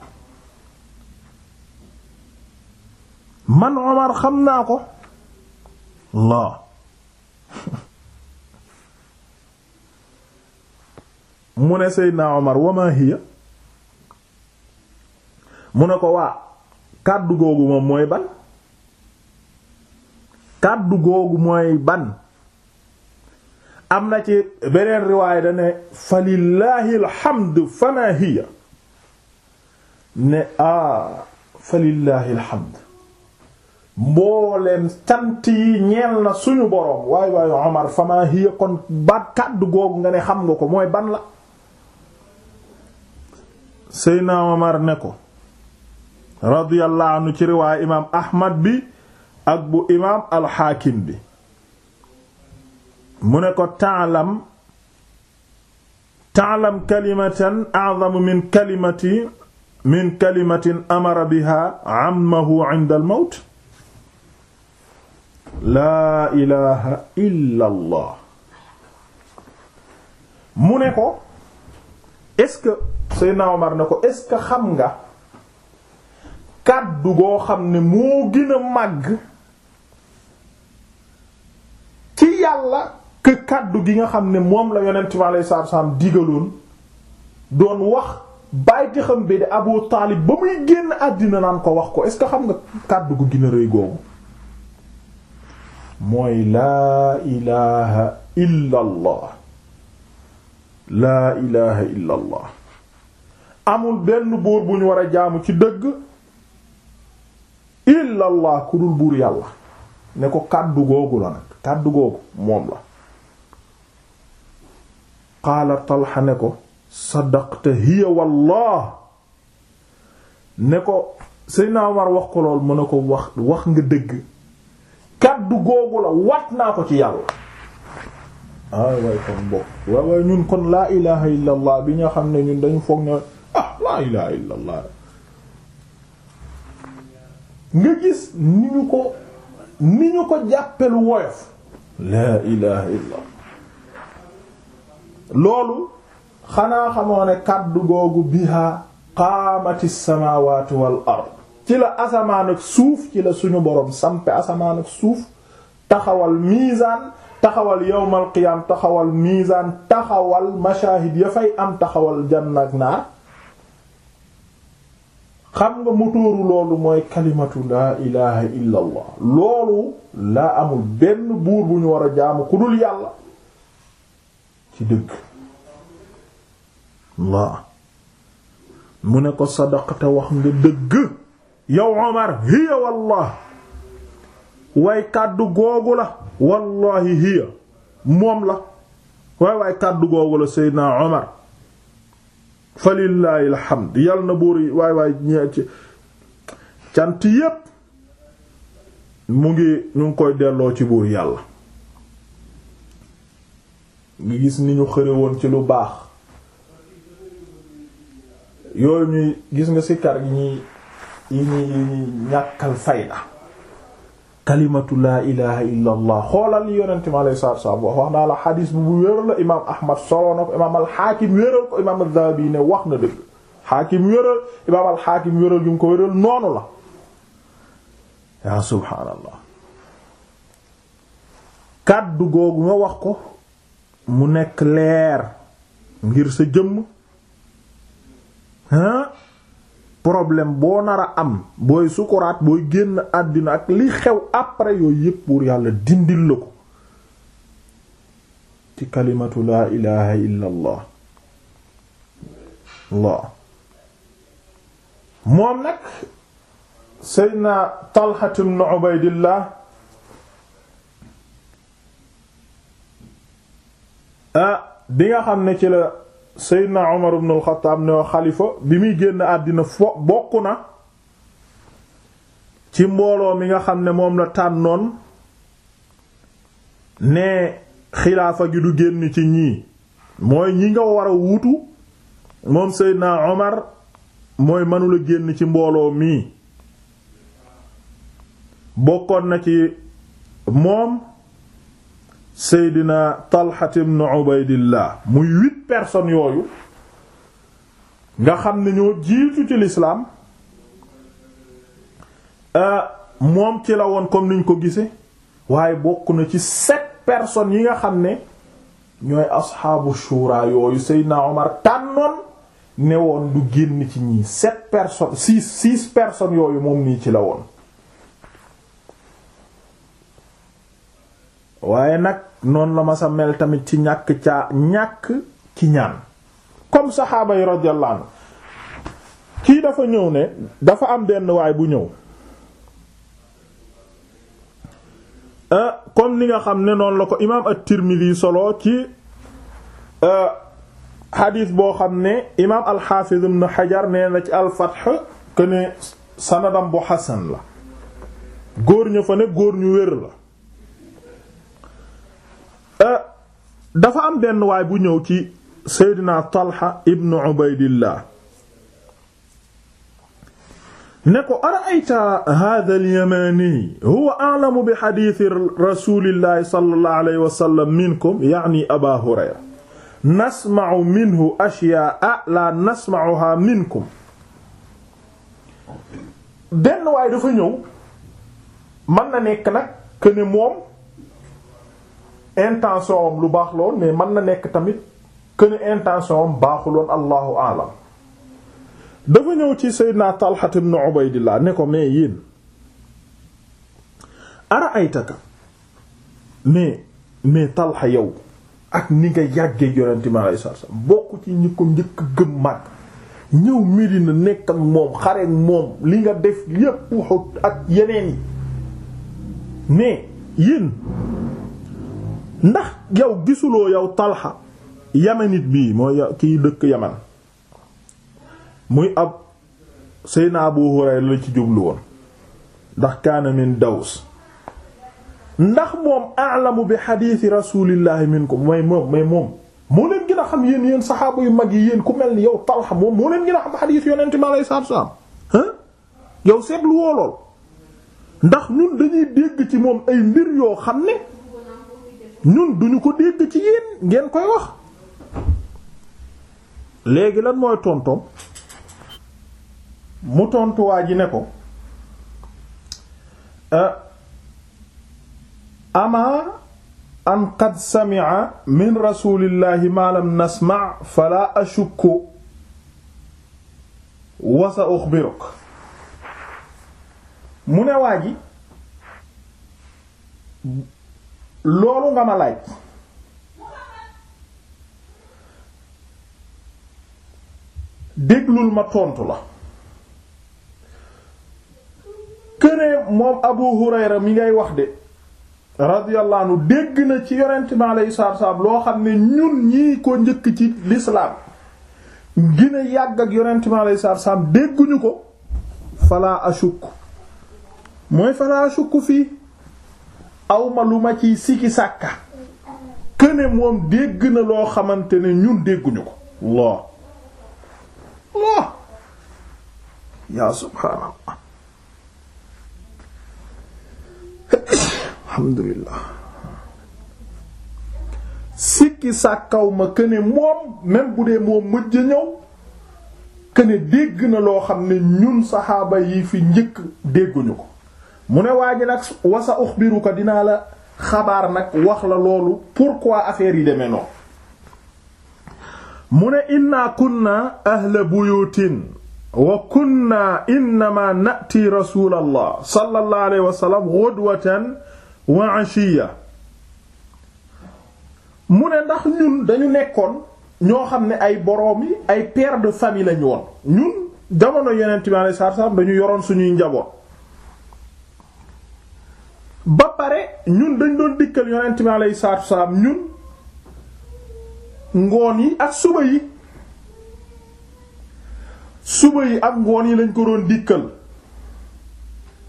man Omar xam naa ko laa mu ne Seydina Omar wama hiya mu ne ko waa kàddu googu moom mooy ban kàddu googu mooy ban am na ci beneen riwaay da ne fa lillaahi alhamdu fana hiya ne a ah, fa lillaahi alhamdu mbooleem cant yi suñu boroom waay waaye Omar fama hiya kon ba kàddu googu nga ne xam nga ko mooy ban la Seyna ne ko radiyallahu anhu ci riwaay imaam Ahmad bi ak bu imaam alxaakim bi mu ne ko taalam taalam kalimatan a'zamu min kalimati min kalimatin amara biha ammahu 'inda al-mawt laa ilaha illa mu ne ko est-ce que Seydina Omar ko est-ce que xam nga kàddu goo xam ne moo gën a màgg ci yàlla que kàddu gi nga xam ne moom la yonent bi alayhi salaatu salaam digaloon doon wax bàyyi xam bi de Abu Taalib ba muy génn àddina naan ko wax ko est-ce que xam nga kàddu gu gën a rëy googu mooy laa ilaha illa laa ilaha illa amul benn buur bu ñu war a jaamu ci dëgg illa ku dul buur yàlla ne ko kàddu googu la nag kàddu googu moom la qaala talxa ne ko sadaqta hiya wallah ne ko Seydina Omar wax ko lool mën na ko wax wax nga dëgg kàddu googu la wat naa ko ci yàlla ah waay kon bokk waaw waaye ñun kon laa ilaha illa bi nga xam ne ñun dañu foog ne ah laa ilaha illa nga gis ni ñu ko ni ñu ko jàppelu woyof laa ilaha illa loolu xanaa xamoo ne kàddu googu biha qaamati samawatu wal ard ci la asamaan ak suuf ci la suñu boroom sampe asamaan ak suuf taxawal miizaan taxawal yawmal qiyaam taxawal miizaan taxawal mashaahid ya fay am taxawal janna ak xam nga motóoru loolu mooy kalimatu laa ilaha illa loolu laa amul benn buur bu ñu war a jaamu ku dul yàlla mu ne ko sadaqata wax nga dëgg yow omar hiya wallah waay kàddu googu la wallahi hiya moom la waay waay kàddu googu la seydina omar fa lillaahi alhamd yal na buur waay waay cant yépp mu ngi ñu ngi koy delloo ci buur yàlla ngi gis ni ñu xëre woon ci lu baax yooyu ñuy gis nga sikkar yi ñuy yi ñuy ñàkkal fayda kalimatu laa ilaha illa allah xoolal li yonente mi alayhi salaatu wa salaam wax wax naa la xadis bu bu wéral la imam ahmad solo na ko imaam alxaakim wéral ko imaam az-Zahabi ne wax na dëgg xaakim wéral imaam alxaakim wéral ju ngi ko wéral noonu la yaa subhaanallah kàddu googu nga wax ko mu nekk leer ngir sa jëmm ah problème boo nar a am booy sukuraat booy génn àddina ak li xew après yooyu yépp pour yàlla dindil la ko ci kalimatu laa ilaha illa moom nag seydna Talha ibn Ubaydillah ah nga xam ne ci la Seydina Umar ibn al-Khattab ne xalifa bi muy génn àddina fo bokk na ci mbooloo mi nga xam ne moom la tànnoon ne xilaafa gi du génn ci ñii mooy ñi nga war a wuutu moom Seydina Umar mooy mënula génn ci mbooloo mii bokkoon na ci moom Seydina Talhat ibn Ubaydillah muy huit yooyu nga xam ne ñoo jiitu ci lislaam euh, moom ci la woon comme niñ ko gise waaye bokk na ci sept personnes yi nga xam ne ñooy asxaabu shura yooyu Seydina Omar woon du génn ci yooyu moom nii ci la woon waaye nag noonu la ma sa mel tamit ci ñàkk caa ñàkk ci ñaan comme saxaaba yi radiyallahu anhu kii dafa ñëw ne dafa am benn waay bu ñëw euh, comme li nga xam ne noonu la ko imaam at-Tirmidhi solo ci euh, xadiis boo xam ne imaam al-Hafiz ibn Hajar nee na ci al-Fath que ne sanadam bu xasan la góor ña fa ne góor ñu wér la Euh, dafa am benn waay bu ñëw ci Seydina Talha ibn Ubaydillah ne ko ara'ayta hadha al-yamani huwa a'lamu bi hadithi rasulillahi sallallahu alayhi wa sallam minkum ya'ni Aba Hurayra nasma'u minhu ashya'a la nasma'uha minkum benn waay dafa ñëw mën na nekk nag que ne moom intention am lu baax lool mais mën na nekk tamit que ne intention am baaxuloon allahu alam dafa ñëw ci Seydina Talha ibn Ubaydillah ne ko mais yéen ara aytaka mais mais Talha yow ak ni nga yàggee yonente mi alayhi bokk ci ñi ko njëkk gëm mag ñëw Medina nekk ak moom xare ak moom li nga def yépp Uhud ak yeneen yi mais yéen ndax yow gisuloo yow talxa yamanit bii mooy kiy dëkk yaman muy ab seyna Abu Hurayra la ci jublu woon ndax kaana min daws ndax moom alamu bi xadiisi rasulillahi minkum may moom may moom moo leen gën a xam yéen yéen saxaaba yu mag yi yéen ku mel ni yow talxa moom moo leen gën a xam xadiis yonente mi aleyi salaatu salaam yow seetlu woolool ndax ñun dañuy dégg ci moom ay mbir yoo xam ne ñun duñu ko dégg ci yéen ngeen koy wax léegi lan mooy tontoom mu tontuwaa ji ne ko euh, ama an qad sami'a min rasulillahi ma lam nasma' fala ashukku wa sa ukhbiruk mu ne waa loolu nga ma laaj déglul ma tontu la kënee moom Abu Hurayra mi ngay wax de radiyallahu anhu dégg na ci yonent mi alayhi salaatu loo xam ne ñun ñii ko njëkk ci lislaam gën a yàgg ak yonent mi alayhi salaatu dégguñu ko falaa ashukk mooy falaa ashukk fii awma lu ma ciy sikki sàkka këne moom dégg na loo xamante ne ñun dégguñu ko Allah Allah ya subhaanallah alhamdulillah sikki sàkkaw ma këne moom même bu dee moom mujj ñëw këne dégg na loo xam ne ñun saxaaba yi fi njëkk dégguñu ko mu ne waa ji nag wasa uxbiruka dinaa la xabaar nag wax la loolu pour pourquoi affaire yi demee noonu mu ne inna kunna ahla buyutin wa kunna innama na'ti rasulallah sallallahu alayhi wa sallam ghudwatan mu ne ndax ñun dañu nekkoon ñoo xam ne ay boroom yi ay père de famille lañu ñun jamono yeneen bi alayhi dañu yoroon suñuy njaboot ba pare ñun dañ doon dikkal yonent bi alayhi salaatu wasalaam ñun ngoon yi ak suba yi suba yi ak ngoon yi lañ ko doon dikkal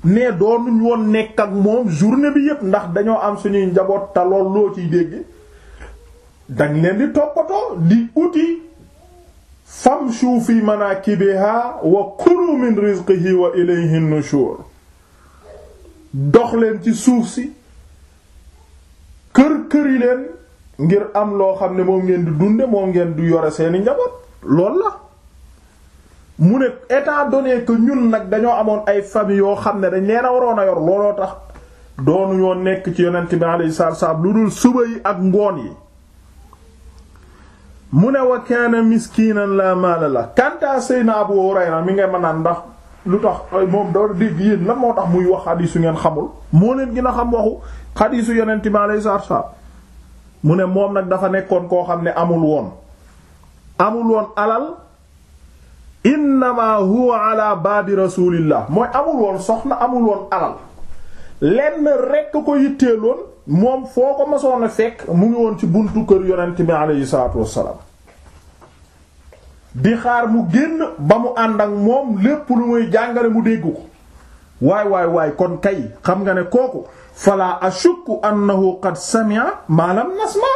ne doonuñ woon nekk ak moom journée bi yépp ndax dañoo am suñuy njaboot te lool loo ciy dégg dañ leen di toppatoo di uti famshu fi manakibiha wa kulu min rizqihi wa ilayhi nushur dox leen ci suuf si kër këri leen ngir am loo xam ne moom ngeen di dunde moom ngeen du yore seeni njaboot lool la mu ne état donné que ñun nag dañoo amoon ay famille yoo xam ne dañ leen a waroon a yor looloo tax doonu ñoo nekk ci yonent bi alayhi salaatu salaam lu dul suba yi ak ngoon yi mu ne wa kaana miskinan la maala la kanta Seydina Abu Hurayra mi ngay mën naan ndax lu tax moom doo dégg yéen lan moo tax muy wax xadiisu ngeen xamul moo leen gën a xam waxu xadiisu yonent bi alayhi salaatu salaam mu ne moom nag dafa nekkoon koo xam ne amul woon amul woon alal innama huwa ala baadi rasulillah mooy amul woon soxna amul woon alal lenn rekk ko yitteeloon moom foo ko masoon a fekk mu ngi woon ci buntu kër yonent bi alayhi salaatu wassalaam di xaar mu génn ba mu ànd ak moom lépp lu muy jàngale mu dégg ko waay waay waay kon kay xam nga ne kooku fala ashukku annahu qad sami'a ma lam nasma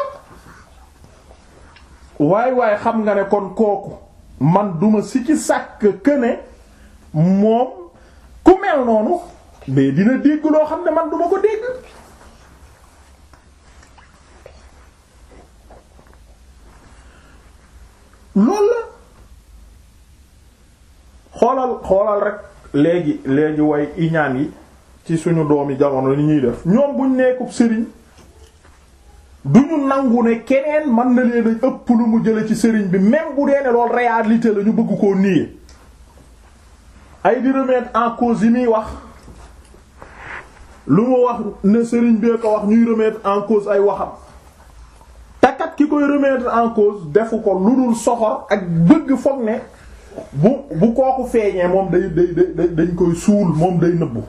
waay waay xam nga ne kon kooku man duma si ci sàkk këne moom ku mel noonu mais dina dégg loo xam ne man duma ko dégg loolu la xoolal xoolal rek léegi léegi way iñaan yi ci suñu doomi jamono li ñuy def ñoom buñ nekkub sëriñ duñu nangu ne keneen mën na leen a ëpp lu mu jële ci sëriñ bi même bu dee ne loolu réalité la ñu bëgg koo nii ay di remettre en cause yi muy wax lu mu wax ne sëriñ bee ko wax ñuy remettre en ay waxam takat ki koy remettre en defu ko lu dul soxor ak bëgg foog ne bu bu kooku feeñee moom day day dañ koy suul moom day nëbbu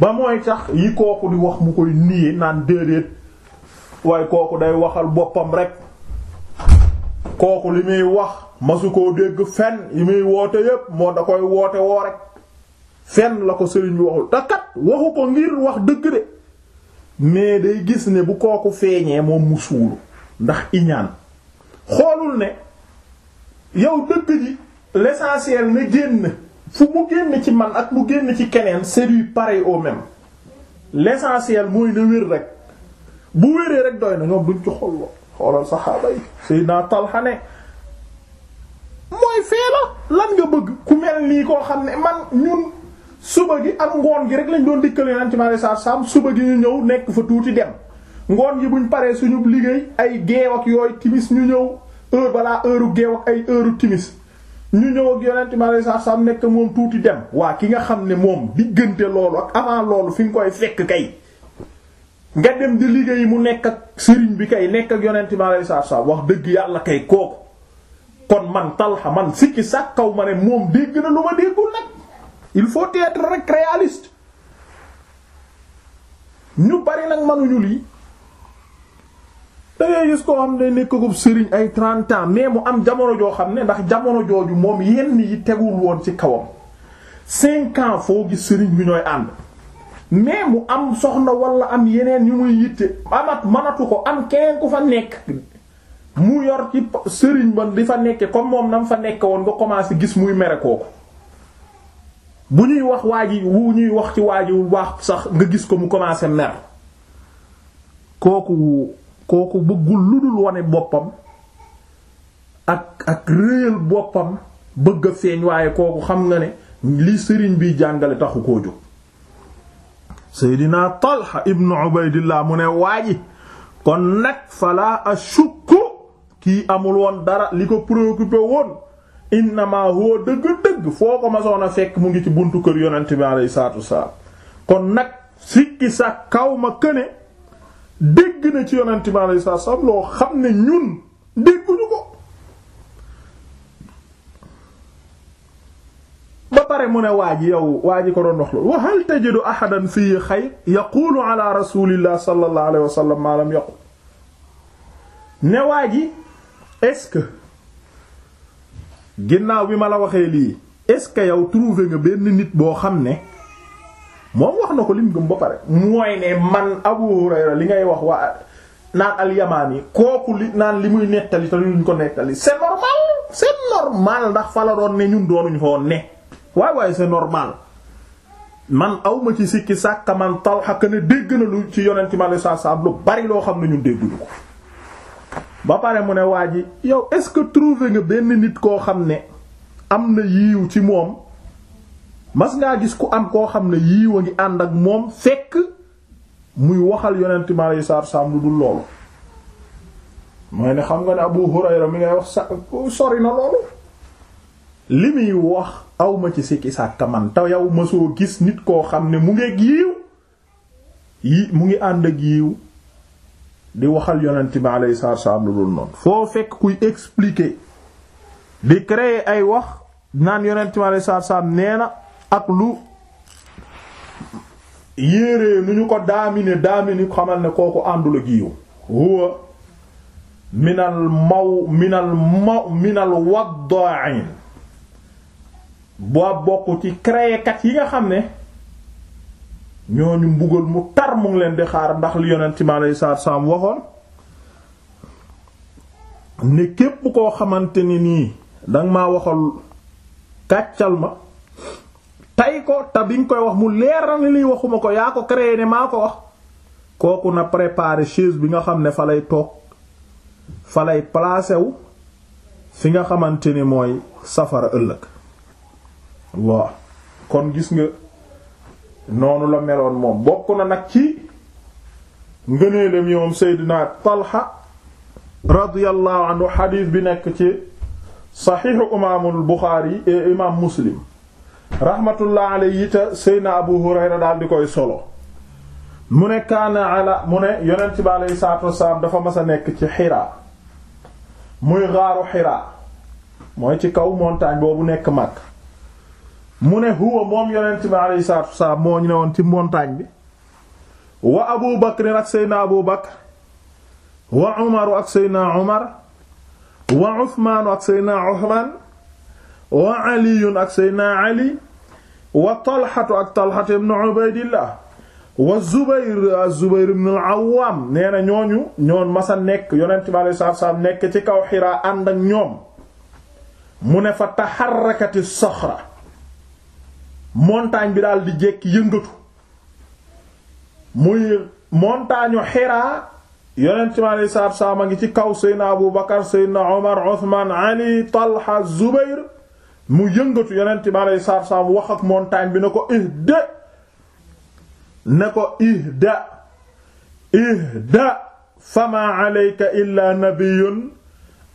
ba mooy tax yi kooku di wax mu koy nii naan déedéet waaye kooku day waxal boppam rekk kooku li muy wax masu ko dégg fenn yi muy woote yépp moo da koy woote woo rek fenn la ko sëriñ bi waxul te waxu ko ngir wax dëgg de mais day gis ne bu kooku feeñee moom mu suulu ndax iñaan xoolul ne yow dëgg ji l'essentiel na génn fu mu génn ci man ak mu génn ci keneen c'est du pareil au même l'essentiel mooy na wér rek bu wéree rek doy na ñoom duñ ci xolloo xoolal saxaaba yi Seydina Talha ne mooy fee la lan nga bëgg ku mel nii koo xam ne man ñun suba gi ak ngoon gi rek lañ doon dikkale naan ci maraîchage sam suba gi ñu ñëw nekk fa tuuti dem ngoon gi buñ paree suñu liggéey ay geew ak yooyu timis ñu ñëw heure balaa heure u géew ak ay u timis ñu ñëw ak yonent mi alayhi nekk moom tuuti dem waa ki nga xam ne moom diggante loolu ak avant loolu fi nga koy fekk kay nga dem di liggéey mu nekk ak sëriñ bi kay nekk ak yonent mi alayhi wax dëgg yàlla kay kooku kon man talxa man sikki sàkkaw ma ne moom dégg na lu ma déggul nag il faut être rek réaliste ñu bari nag mënuñu lii da ngay gis koo xam ne ko sëriñ ay 30 ans mu am jamono joo xam ne ndax jamono jooju moom yenn yi tegul woon ci kawam cinq ans foo gis sëriñ bi ñooy ànd mais mu am soxna wala am yeneen yu muy yitte amat manatu ko am keneen ku fa nekk mu yor ci sëriñ ba di fa nekke comme moom nam fa nekk woon nga commencé gis muy mere kooku bu ñuy wax waa ji wu ñuy wax ci waa wu wax sax nga gis ko mu commencé mer kooku kooku bëggul lu dul wone boppam ak ak réyal boppam bëgg a feeñ waaye kooku xam nga ne li sëriñ bi jàngale taxu koo jóg seydinaa talha ibnu ubaydillah mu ne waaji kon nag fala ashukku kii amul woon dara li ko préoccupé woon innama huwa dëgg-dëgg foo ko masoon a fekk mu ngi ci buntu kër yonent bi alayhi salaatu wasalaam kon nag sikki sa kaw ma këne dégg na ci yonent bi alayhi salaam loo xam ne ñun dégguñu ko ba pare mu ne waa ji yow waa ji ko doon wax loolu wa hal tajidu ahadan fii xayr yaqulu ala rasulillah sallallahu alayhi wa ma lam ne waa ji est ginnaaw bi ma la waxee lii est-ce que yow trouvé nga benn nit boo xam ne moom wax na ko lim gëm ba pare mooy ne man Abu Hurayra li ngay wax waa naan al yi kooku li naan li muy nettali te luñ ko nettali c'est normal c'est normal ndax fa la doon ne ñun doonuñu fa ne waaye waaye c'est normal man awma ci sikki sàkka man Talha ne dégg na lu ci yonent mi saa saa lu bari loo xam ne ñun dégguñu ko ba pare mu ne waa ji yow est-ce que trouvé nga benn nit koo xam ne am na yiiw ci moom mas ngaa gis ku am koo xam ne yiiw a ngi ànd ak moom fekk muy waxal yonent mi alayhi salaatu salaam lu dul loolu mooy ne xam nga ne Abu Hurayra mi ngay wax sa sori ci sikki sàkka yow ma gis nit koo xam ne mu ngeeg yiiw mu ngi ànd ak di waxal yonent mi alayhi salaatu salaam lu dul noonu foo fekk kuy expliquer di créer ay wax naan yonent mi alayhi salaatu salaam nee na ak lu yéeree nu ñu ko daamine daamine xamal ne kooku àndul ak yiw minal maw minal maw minal ci créekat yi nga xam ne ñooñu mbugal mu tar mu ngi leen di xaar ndax li yonent mi alayhi salaatu salaam waxoon ne képp koo xamante nii danga maa waxal kàccal ma tey ko te bi nga koy wax mu leer na li waxuma ko yaa ko créé ne maa ko wax kooku na préparer chaise bi nga xam ne fa lay toog fa lay placé wu fi nga xamante ni mooy safara ëllëg waaw kon gis nga noonu la meloon moom bokk na nag ci ngëneelam yi moom Seydina Talha radiyallahu anhu xadiis bi nekk ci saxiixu imaamul Buxaari eh, imaam Muslim rahmatullah alayhi ta seyna abu hurayra daal di koy solo mu ne kaana ala mu ne yonent bi aleyhi salaatu sa dafa mas a nekk ci xiraa muy xaaru xiraa mooy ci kaw montagne boobu nekk mag mu ne yonent bi aleyhi salaatu wasalaam moo ñu ne woon ci montagne bi wa abu bakrin ak bakr wa umaru ak seyna umar wa usmaanu ak seyna usmaan wa aliyun ak seydna ali wa talxatu ak talxatu ibn ubaydillah wa zubayr zubayr ibn al-awwam nee ñooñu ñoon masa nekk nekk ci kaw xiraa ànd ak ñoom mu ne fa taxarakati soxra montagne bi daal di jékki yëngatu muy montagne xiraa yonent bi ngi ci kaw seydna abu bakar seydna omar uthman ali talha zubayr mu yëngatu yonent bi aleyhi salaatu salaam wax ak montagne bi ne ko ihda ne ko ihda ihda fama aleyka illa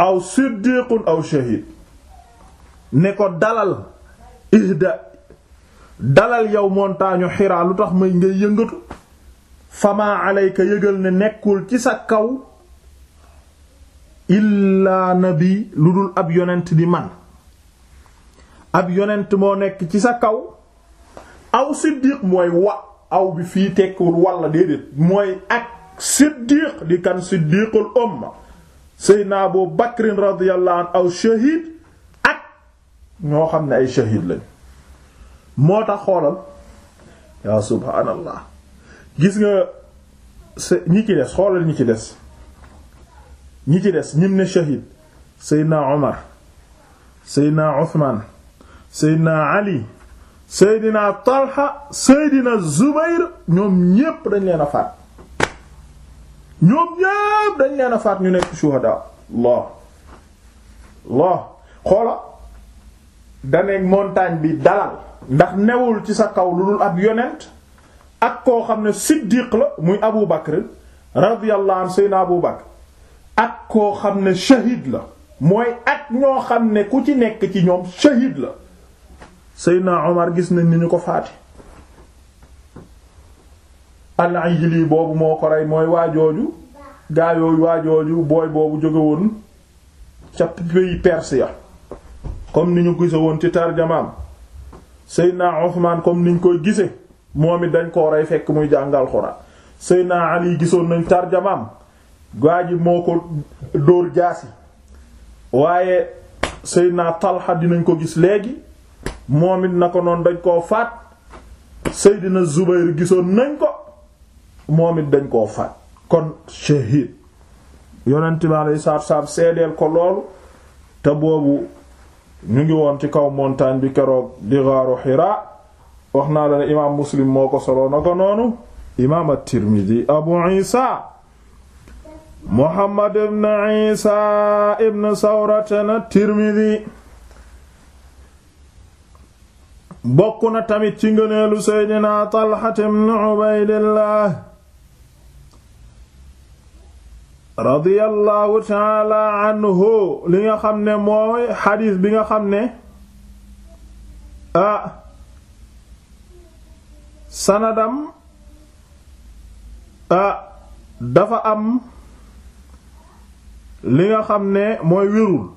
aw siddiqun aw shahid ne ko dalal ihda dalal yow montagne xiraa lu tax may ngay yëngatu fama nekkul ci sa kaw illaa nabi lu dul ab yonent di man ab yonent moo nekk ci sa kaw aw siddiq mooy wa aw bi fii tekkiwul walla déedéet mooy ak siddiq di kan siddiqul umma seydna abu bakrin radiyallahu an aw shahid ak ñoo xam ne ay shahid lañ moo tax xoolal yaa subhaanallah gis nga ñi ci des xoolal ñi ci des ñi ci des ñim ne shahid seydna umar seydna uthman Seydina Ali Seydina Talha Seydina Zubayr ñoom ñépp dañ leen a faat ñoom ñépp dañ leen a faat ñu nekk shuhada Allah Allah xoola daneeg montagne bi dalal ndax newul ci sa kaw lu dul ab yonent ak koo xam ne siddiq la muy Abu Bakr radiyallahu anhu Seydina Abu Bakr ak koo xam ne shahid la mooy at ñoo xam ne ku ci nekk ci ñoom shahid la Seydina Omar gis nañ ni ñu ko faati al-Ijli boobu moo ko rey mooy waajooju gaayooyu waajooju booy boobu jóge woon ca pays perse ya comme ni ñu gise woon ci tarjamaam Seydina Ousmane comme niñ koy gise moom it dañ koo rey fekk muy jàngal sëy Seydina Ali gisoon nañ tarjamaam gaa yi moo ko dóor jaasi waaye Seydina Talha dinañ ko gis léegi moom it na ko noonu dañ koo faat Seydina Zubayr gisoon nañ ko moom dañ koo faat kon shahid yonent bi alayhi salaatu salaam seedeel ko loolu te boobu ñu ngi woon ci kaw montagne bi keroog di gaaru wax naa la ne imaam Muslim moo ko soloo na ko noonu imaam at-Tirmidhi Abu Isa Muhammad ibn Isa ibn Sawratan at-Tirmidhi bokk na tamit ci ngëneelu seydinaa Talha ibn Ubaydillah radiyallahu taala anhu li nga xam ne mooy xadiis bi nga xam ne ah sanadam ah dafa am li nga xam ne mooy wérul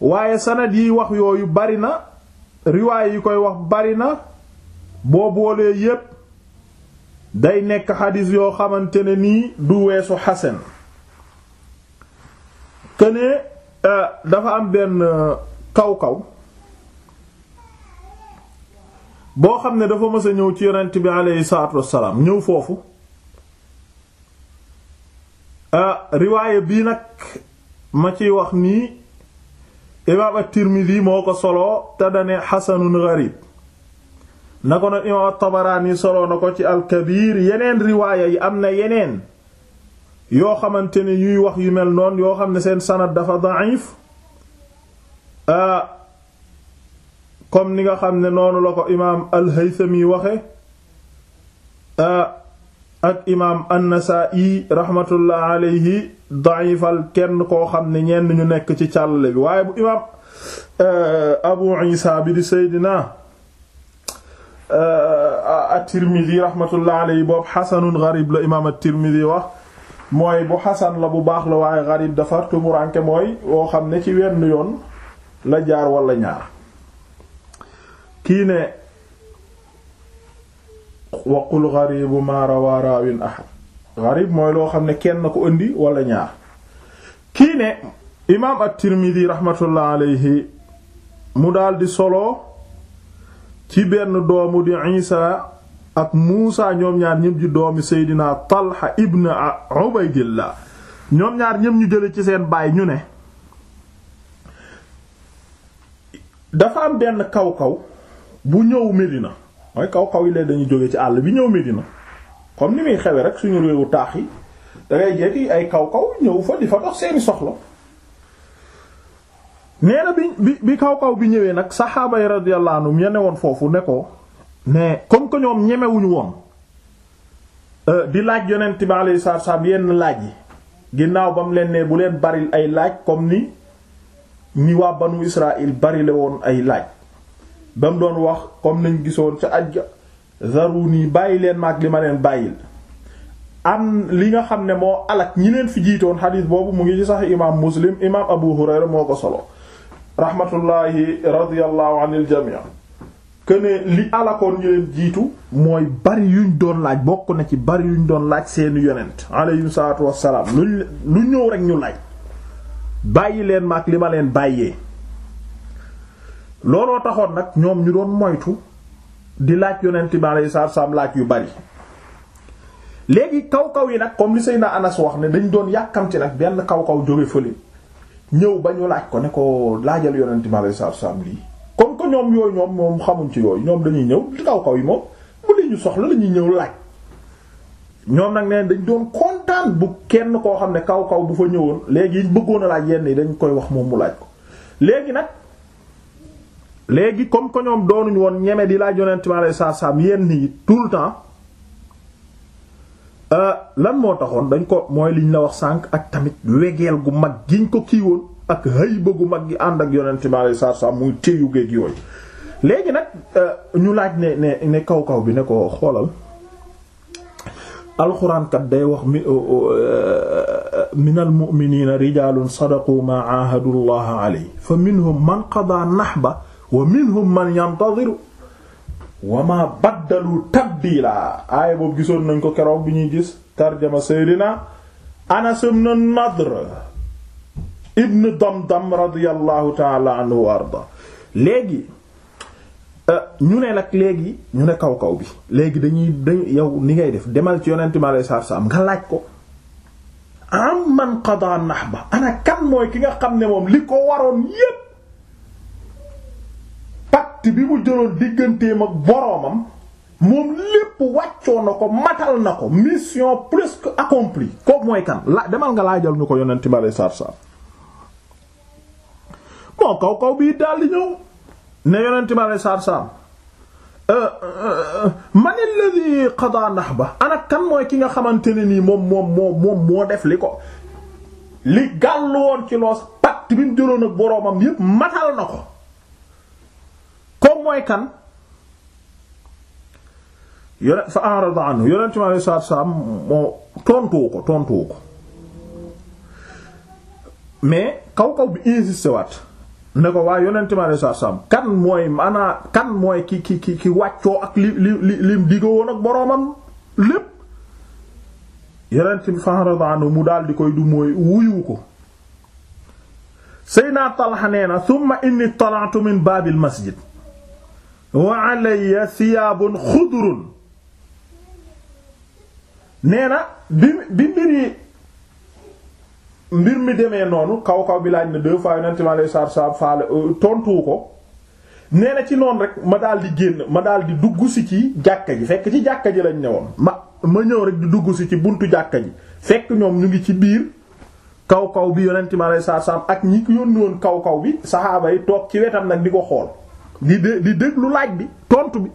waaye sanad yi wax yooyu bari na riwaay yi koy wax bari na boo boolee yépp day nekk xadis yoo xamante ne nii du weesu xasan këne euh, dafa am benn euh, kaw-kaw boo xam ne dafa mës ñëw ci yonent bi aleyhi salaatu wassalaam ñëw foofu euh, riwaaye bii nag ma ci wax nii imaam at-Tirmidhi moo ko solo te dane xasanun gharib na ko noon imaam na ko ci al-Kabir yeneen riwaaya yi am na yeneen yoo xamante ne ñuy wax yu mel noonu yoo xam ne seen sanad dafa da'if ah, comme ni nga ne noonu la ko imaam al-Haythami waxe ah, ak imaam an-Nasaa'i rahmatullah alayhi dayifal kenn koo xam ne ñenn ñu nekk ci càllale bi waaye bu imaam euh, Abu Isa bi di Seydina euh, at-Tirmidhi rahmatullah alayhi boobu xasanun gharib la imaam at-Tirmidhi wax mooy bu xasan la bu baax la waaye gharib dafa tumuranke mooy woo xam ne ci wenn yoon la jaar wala ñaar kii ne wa qul gharibu ma rawa raawin ahad gharib mooy loo xam ne kenn ko indi wala ñaar kii ne imaam at-Tirmidhi rahmatullah mu daldi solo ci benn doomu di Isa ak Muusa ñoom ñaar ñëpp doomi Seydina Talha ibn Ubaydillah ñoom ñaar ñëpp ñu jële ci seen baay ñu ne dafa benn kaw bu ñëw Medina mooy kaw kaw yi lay dañuy jóge ci àll bi ñëw mi Medina comme ni muy xewe rek suñu réewu taax yi dangay jekki ay kaw kaw ñëw fa di fa dox seeni soxla nee na bi bi kaw kaw bi ñëwee nag saxaaba yi radiyallahu anhum ya woon foofu ne ko ne comme que ñoom ñemewuñu woon euh, di laaj yonent bi alayhi salaatu salaam yenn laaj yi ginnaaw ba mu leen bu leen bari ay laaj comme ni ni waa banu Israël bari la woon ay laaj ba mu doon wax comme nañ gisoon ca ajja zaruni bàyyi leen maag li ma leen bàyyil am li nga xam ne moo alak ñi leen fi jiitoon xadiis boobu mu ngi ci sax imaam muslim imaam abu hurayra moo ko solo rahmatullahi radiyallahu anil jamii këne li alakoon ñi leen jiitu mooy bari yuñ doon laaj bokk na ci bari yuñ doon laaj seeni yonent alayhi salaatu wassalaam luñ lu ñëw rek ñu laaj bàyyi leen maag li ma leen bàyyee looloo taxoon nag ñoom ñu doon moytu di laaj yonent bi alayhi salaatu salaam laaj yu bari léegi kaw-kaw yi nag comme li Seydina Anas wax ne dañ doon yàkkamti nag benn kaw-kaw jóge fële ñëw ba ñu laaj ko ne ko laajal yonent bi alayhi salaatu salaam lii comme que ñoom yooyu ñoom moom xamuñ ci yooyu ñoom dañuy ñëw kaw-kaw yi moom bu dee ñu soxla lañuy ñëw laaj ñoom nag neen dañ doon kontaan bu kenn koo xam ne kaw-kaw bu fa ñëwoon léegi bëggoon a laaj yenn yi dañ koy wax moom laaj ko léegi nag léegi comme que ñoom doonuñ woon ñeme di laaj yonent mi alayhi saam salaam yenn yi tout le temps euh, lan moo taxoon dañ ko mooy liñ la wax sànq ak tamit wegeel gu mag giñ ko kii woon ak hayba gu mag gi ànd ak yonent mi alayhi salaatu salaam muy téyu géej yooyu léegi nag euh, ñu laaj ne ne ne kaw kaw bi ne ko xoolal alxuraankat day wax mi euh, minal mu'miniina rijaalun sadaqu maa aahadu llaaha alayhi fa minhum man qadaa nahba wa minhum man yantadiru wa ma baddalu tabdiila aaya boobu gisoon nañ ko keroog bi ñuy gis tarjama seydina anas ibn nadr ibn damdam radiyallahu taala anhu wa arda léegi euh, ñu ne nag léegi ñu ne kaw kaw bi léegi dañuy dañu yow ni ngay def demal ci yonent mi alayhi nga laaj ko am man qadaa nahba ana kan mooy ki nga xam ne moom li ko waroon yépp pacte bi mu jëloon digganteem ak boroomam moom lépp wàccoo na ko matal na ko mission presque accomplie kooku mooy kan la demal nga laajal ñu ko yonent bi alei saatu salaam moo kaw kaw bii daal di ñëw ne yonent bi alei saatu salaam euh, euh, euh, man alladhi qada nahba ana kan mooy ki nga xamante ne nii moom moom moo def li ko li gàllu woon ci loos pacte bi mu jëloon ak boroomam yépp matal na ko mooy kan yone fa arada anhu yonent mi alei salatu salaam moo tontuwu ko tontuwu ko mais kaw kaw bi insisté waat ne ko waaye yonent mi alei salatu salaam kan mooy maanaa kan mooy ki ki ki ki wàccoo ak li li li lim diggoon ak boroomam lépp yonent fa arada anhu mu daal di koy du mooy wuyu ko Seydina Talha nee na thumma inni tala'tu min baabil masjid wa alayya siyaabun xudrun nee na bi bi mbir mi demee noonu kaw kaw bi laaj na deux fois yonent mi alayhi salaatu wa salaam euh, tontuwu ko nee na ci noonu rek ma daal di génn ma daal di dugg si ci jàkka ji fekk ci jàkka ji lañ newoon ma ma ñëw rek di dugg si ci buntu jàkka ji fekk ñoom ñu ngi ci biir kaw kaw bi yonent mi alayhi salaatu wa ak ñi ko yónni kaw kaw bi saxaaba yi toog ci wetam nag di ko xool di di déglu laaj bi tontu bi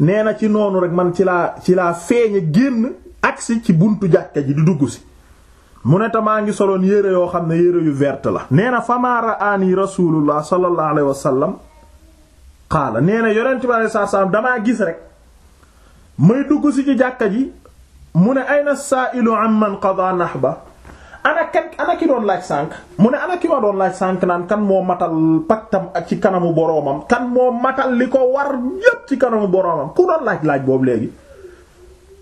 neena ci noonu rek man ci laa ci laa feeñe génn agsi ci buntu jàkka ji di dugg si mu ne tamaa ngi soloon yére yoo xam ne yére yu vert la nee na famaara aani rasulullah sallallahu alayhi wa sallam xaala nee na yonent bi alei sat salaam damaa gis rek may dugg si ci jàkka ji mu ne ayna saailu amman qada nahba ana ki doon laaj sànq mu ne ana ki ma doon laaj sànk naan kan moo matal pactam ak ci kanamu boroomam kan moo matal li ko war yépp ci kanamu boroomam ku doon laaj laaj boobu léegi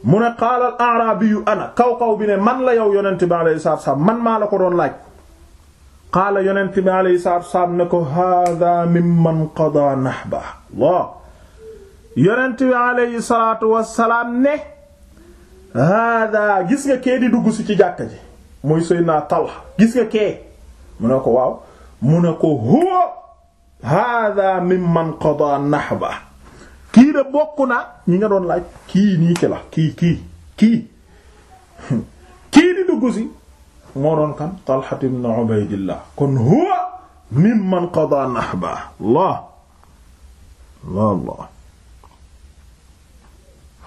mu ne qaala al arabiyu ana kaw kaw bi ne man la yow yonent bi alayhi salaatu salaam man maa la ko doon laaj qaala yonent bi alayhi salaam ne ko hada mimman qada nahba Allah yonent gis nga kee di dugg si ci jàkka ji muy Seydina Talha gis nga kee mu ne ko waaw mu ne ko huwa hada mimman qada nahba kii de bokk na ñi nga doon laaj kii nii ki kii kii kii kii di dugg si moo doon kan Talha ibn Ubaydillah kon huwa mimman qada nahba Allah Allah Allah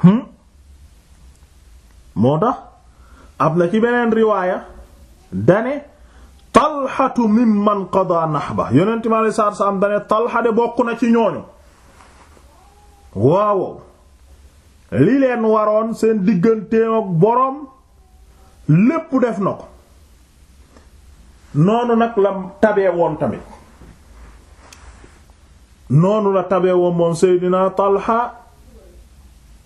hmm? moo tax am na ci beneen riwaaya dane talxatu mimman qada nahba yonent mi alei saatu salaam dane talxa de bokk na ci ñooñu waaw li leen waroon seen digganteem boroom lépp def na ko noonu nag la tabee woon tamit noonu la tabee woon moom Seydina Talha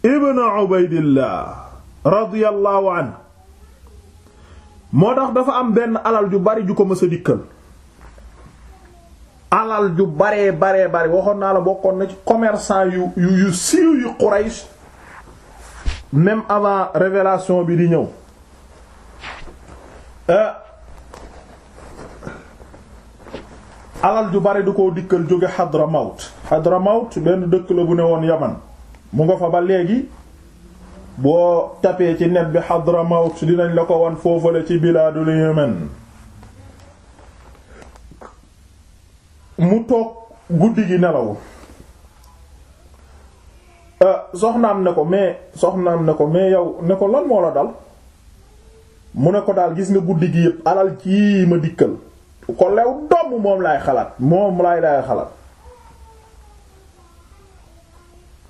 ibn Ubaydillah radiyallahu anhu moo tax dafa am benn alal ju bari ju ko mës a dikkal alal ju baree baree bari waxoon naa la bokkoon na ci commerçant yu yu yu siiw yu Quraysh même avant révélation bi di ñëw eh, alal ju bari du ko dikkal jóge Hadramaut Hadramaut benn dëkk la bu ne woon Yaman mu nga fa ba léegi boo tapee ci net bi Hadramawt dinañ la ko wan foofale ci bilaadul Yemen mu toog guddi gi nelaw euh, soxnaam ne ko mais soxnaam ne ko mais yow ne ko lan moo la dal mu ne ko daal gis nga guddi gi yépp alal ci ma dikkal ko lew domm moom laay xalaat moom laay laay xalaat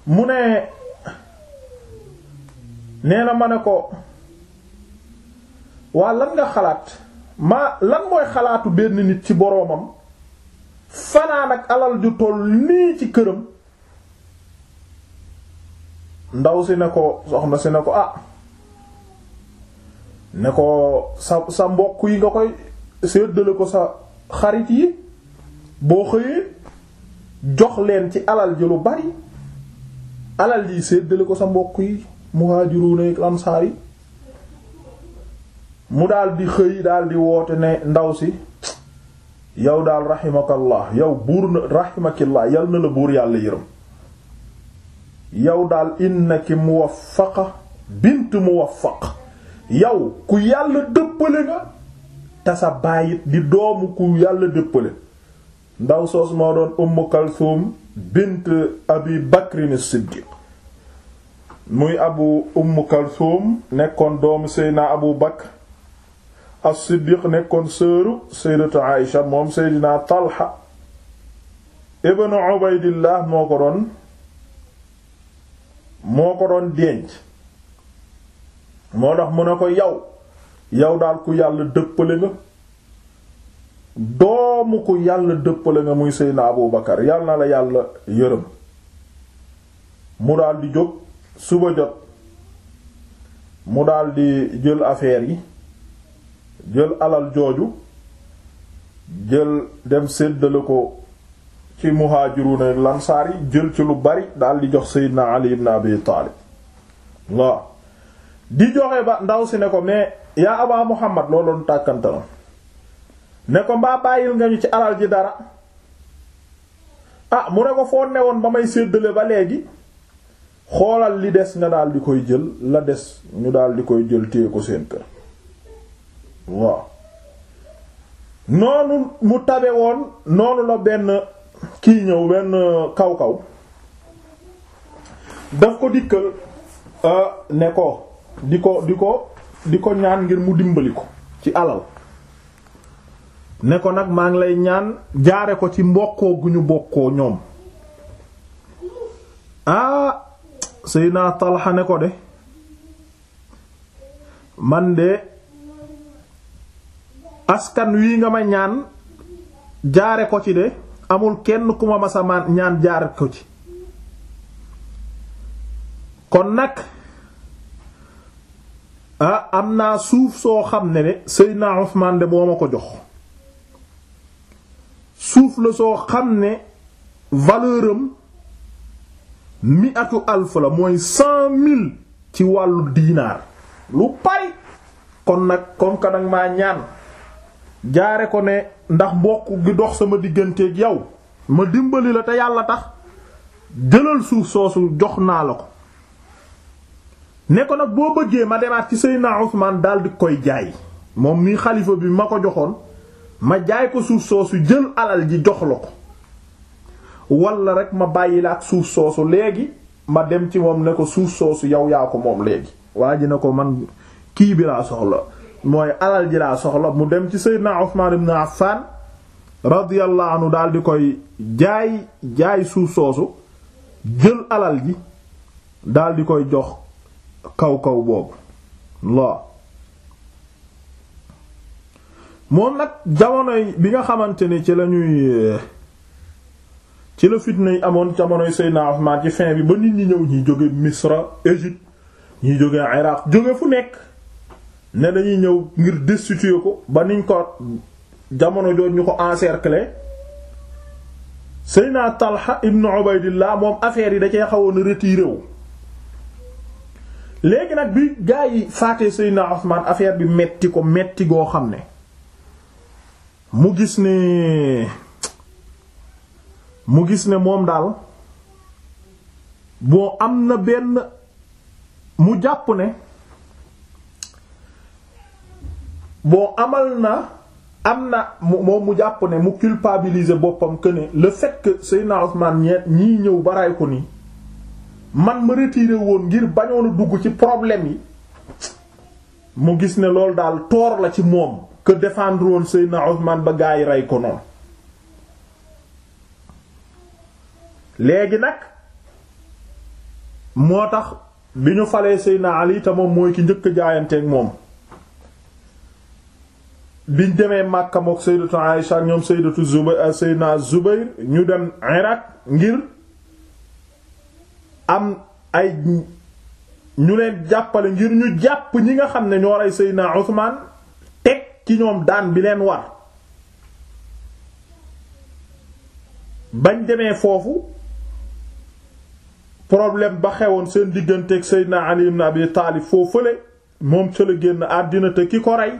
mu ne nee na ma ne ko waa lan nga xalaat ma lan mooy xalaatu benn nit ci boroomam fanaan ak alal ju toll nii ci këram ndaw si ne ko soxna si ne ko ah ne ko sa sa mbokk yi nga koy séddale ko sa xarit yi boo xëyee jox leen ci alal ji lu bari alal ji séddale ko sa mbokk yi muhaajiruuna ak ansaar yi mu daal di xëy daal di woote ne ndaw si yow daal raximakallah yow buur na yal na la buur yàlla yërëm yow daal innaki muwaffaqa bint muwaffaq yow ku yàlla dëppale nga te sa di doomu ku yàlla dëppale ndaw soos moo doon Umm Kalthum bint Abi Bakrin Siddiq muy abu umm kalthum nekkoon doomu seydina abu bakr as-siddiq nekkoon sëru sayyidatu aïsha moom seydina talha ibn ubaydillah moo ko doon moo ko doon denc moo tax mu ne ko yaw yow daal ku yàlla dëppale nga doomu ku yàlla dëppale nga muy seydina abu bakar yàlla na la yàlla yërëm mu daal di jóg suba jot mu daldi jël affaire yi jël alal jooju jël dem séddale ko ci muhajiruna lansaar yi jël ci lu bari daldi jox Seydina Ali ibn Abi Taalib waaw di joxe ba ndaw si ne ko mais yaa Abaa Muhammad looloon tàkkantala ne ko mbaa bàyyil nga ñu ci alal ji dara a ah, mu ne ko foo newoon ba may séddale ba léegi xoolal li des nga daal di koy jël la des ñu daal di koy jël téye ko seen kër waaw noonu mu tabe woon noonu la benn kii ñëw benn kaw kaw daf ko dikkal euh, ne ko di ko di ko di ko ñaan ngir mu dimbali ko ci alal ne ko nag maa ngi lay ñaan jaare ko ci mbokkoo gu ñu bokkoo ñoom ah Seydina Talha ne ko de man de askan wi nga ma ñaan jaare ko ci de amul kenn ku ma masa ñaan jaare ko ci kon nag ah am naa suuf soo xam ne de Seydina Usmaan de moo ma ko jox suuf la soo xam ne valeur mi'atu alf la mooy cent mille ci wàllu diinaar lu pari kon nag comme que nag ñaan jaare ko ne ndax mbokk gi dox sama diggante yow ma dimbali la te yàlla tax jëlal suuf soosu jox naa la ko ne ko nag boo bëggee ma demaat ci Seydina Usmaan daal di koy jaay moom mii xalifa bi ma ko joxoon ma jaay ko suuf soosu jël alal ji jox la ko wala rek ma bàyyi la ak suuf soosu léegi ma dem ci moom ne ko suuf soosu yow yaa ko moom léegi waa ji ne ko man kii bi laa soxla mooy alal ji laa soxla mu dem ci Seydina Usmaan ibn Affan radiyallahu anhu daal di koy jaay jaay suuf soosu jël alal ji daal di koy jox kaw kaw boobu laa moom nag jamono bi nga xamante ne ci lañuy eh, ci la fitna yi amoon jamonoy Seydina Usmaan ci fin bi ba nit ñi ñëw ñi jóge Misra Égypte ñuy jóge Iraq jóge fu nekk ne dañuy ñëw ngir destituer ko ba niñ ko jamono jooj ñu ko encercler Seydina Talha ibn Ubaydillah moom affaire yi da cee xawoon retiré léegi nag bi gaa yi faatee Seydina Usmaan affaire bi metti ko metti goo xam ne mu gis ne mu gis ne moom daal bon am na benn mu jàpp ne boo amal na am na moom mu jàpp ne mu culpabiliser boppam que ne le fait que Seydina Ousmane ñëw ba ray ko nii man ma retiré woon ngir bañoon dugg ci problème yi mu gis ne loolu daal toor la ci moom que défendre woon Seydina Ousmane ba gaa yi rey ko noonu léegi nag moo tax bi ñu falee Seydina Ali te moom mooy ki njëkk jaayanteeg moom biñ demee Makka mook Sayyidatu Aïsha ñoom Sayyidatu Zubayr euh, Seydina Zubayr ñu dem Irak ngir am ay ñu leen jàppale ngir ñu jàpp ñi nga xam ne ñoo rey Seydina Usmaan teg ci ñoom daan bi leen war bañ demee foofu problème ba xewoon seen digganteeg Seydina Ali ibn Abi Taalib foo fële moom ca la génn àddina te ki ko rey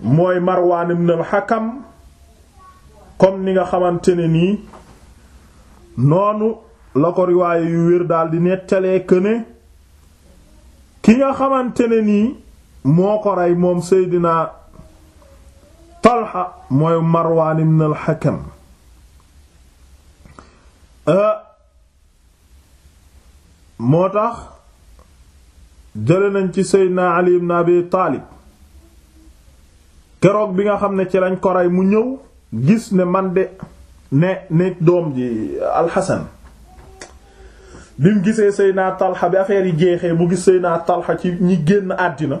mooy Marwaan ibn al-Hakam ni nga xamante ne nii noonu la ko riwaaye yu wér daal di nettalee que ne ki nga xamante ne nii moo ko rey moom Seydina Talha mooy Marwaan ibn al moo tax jële nañ ci seydna ali ibn abi taalib keroog bi nga xam ne ci lañ ko mu ñëw gis ne man de ne ne doom ji alxasan bi mu gisee seydna talxa bi affaire yi jeexee mu gis seydna talxa ci ñi génn àddina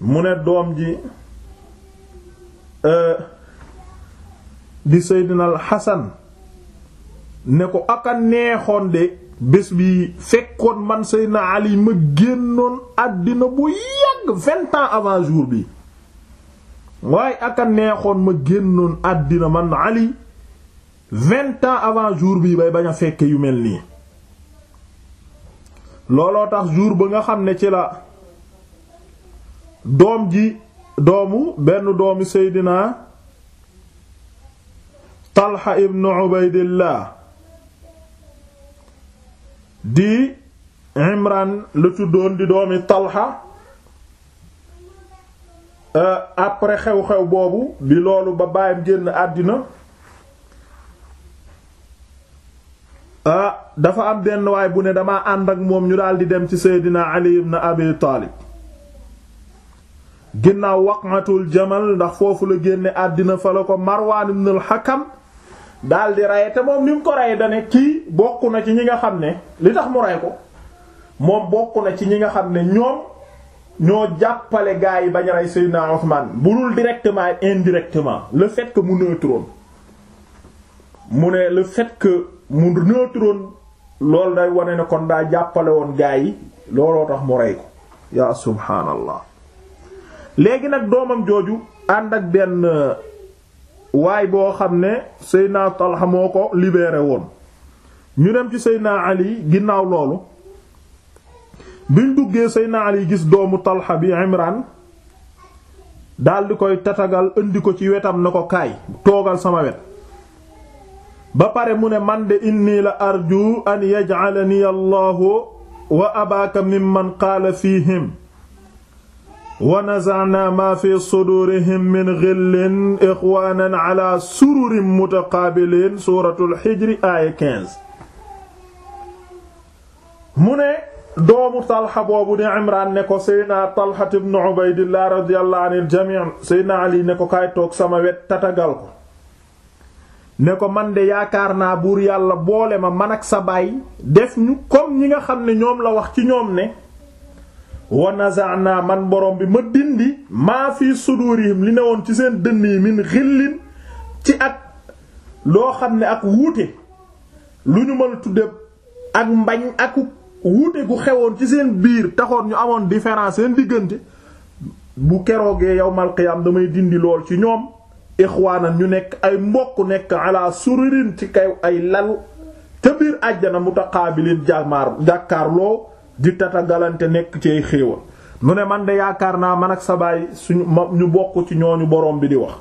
mu ne doom ji euh, di seydna alxasan ne ko aka neexoon de bés bi fekkoon man Seydina Ali ma génnoon àddina bu yàgg vingt bi waaye aka neexoon ma génnoon àddina man Ali vingt avant jour bi bay bañ a fekke yu mel nii looloo tax jour ba nga xam ne ci la doom ji doomu benn doomi Seydina Talha ibn Ubaydillah di Imran la tuddoon di doomi Talha euh, après xew-xew boobu bi loolu ba baayam génn àddina ah dafa am benn waay bu ne dama ànd ak moom ñu daal di dem ci Seydina Ali ibn Abi Taalib ginnaaw waqatul jamal ndax foofu la génne àddina fa la ko Marwaan ibn al-Hakam daal di rey te moom ni mu ko rey da ne kii bokk na ci ñi nga xam ne li tax mu rey ko moom bokk na ci ñi nga xam ne ñoom ñoo jàppale gaa yi bañ rey Seydina Ousmane budul directement indirectement le fait que mu neutroon mu ne le fait que mu neutroon loolu day wane ne kon daa jàppale woon gaa yi looloo tax mu rey ko yaa subhaanallah léegi nag doomam jooju ànd ak benn. waay boo xam ne Seydina Talha moo ko libeere woon ñu dem ci Seydina Ali ginnaaw loolu biñ duggee Seydina Ali gis doomu Talha bi Imran daal koy tatagal indi ko ci wetam na ko kaay toogal sama wet ba pare mu ne man de inni la arju an yaj'alani Allahu wa abaka mimman qaala fihim wa naza'naa maa fi suduurihim min ghillin ixwaanan ala suuratul xijri aaya mu ne doomu talxa boobu di Imraan ne ko Seydina Talxa ibn Ubaydillah radiyallahu anil jamii Seydina Ali ne ko kaay toog sama wet tatagal ko. ne ko man de yaakaar naa buur yàlla boole ma man ak sa baay def ñu comme ñi nga xam ne ñoom la wax ci ñoom ne. wa naza'na man borom bi ma dindi maa fi sudurihim li newoon ci seen dënn yi min xillin ci ak loo xam ne ak wuute lu ñu mën a ak mbañ ak wuute gu xewoon ci seen biir taxoon ñu amoon différence seen diggante bu keroogee yawmal qiyaam damay dindi lool ci ñoom ixwaanan ñu nekk ay mbokk nekk ala sururin ci kay ay lal ca biir àjjana mutaqaabilin jàkkaarloo di tatagalante nekk ci ay xéewal mu ne man de yaakaar naa man ak sa baay suñu ñu bokk ci ñooñu boroom bi di wax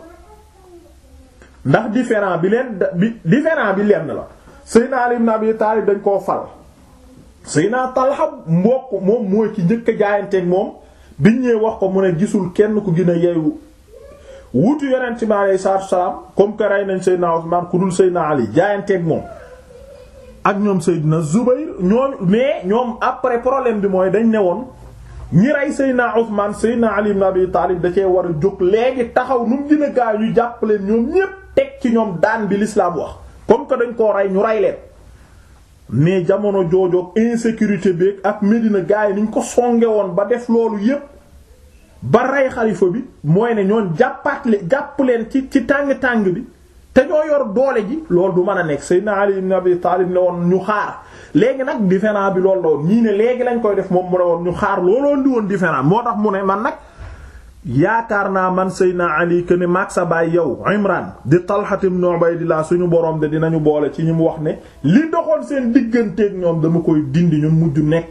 ndax différent bi leen bi bi lenn la Seydina Ali ibn Abi dañ koo fal Seydina Talha mbokk moom mooy ci njëkk a moom bi ñëwee wax ko mu ne gisul kenn ku gën a yeewu wutu yonent bi aleyhi salaatu salaam rey nañ Seydina Usmaan ku dul Seydina Ali jaayanteeg moom ak ñoom Seydina Zubayr ñoom mais ñoom après problème bi mooy dañ ne woon ñi rey Seydina Ousmane Seydina Ali ibn Abi Talib da cee war a jóg léegi taxaw nu mu gën a gaaw ñu jàpp leen ñoom ñépp teg ci ñoom daan bi l'islam wax comme que dañ ko rey ñu rey leen mais jamono joojoog insécurité beeg ak Medina gars yi niñ ko songe woon ba def loolu yépp ba rey xalifa bi mooy ne ñoon jàppaat jàpp leen ci ci tàng-tàng bi te ñoo yor doole ji loolu du mën a nekk Seydina Ali nabi Abi Talib ne woon ñu xaar léegi nag différent bi loolu la ñii ne léegi lañ koy def moom mu ne woon ñu xaar looloon di woon moo tax mu ne man nag yaakaar naa man Seydina Ali que ne maag sa baay yow Imran di Talha ibn Ubaydillah suñu borom de dinañu boole ci ñu mu wax ne li doxoon seen digganteeg ñoom dama koy dindi ñu mujj nekk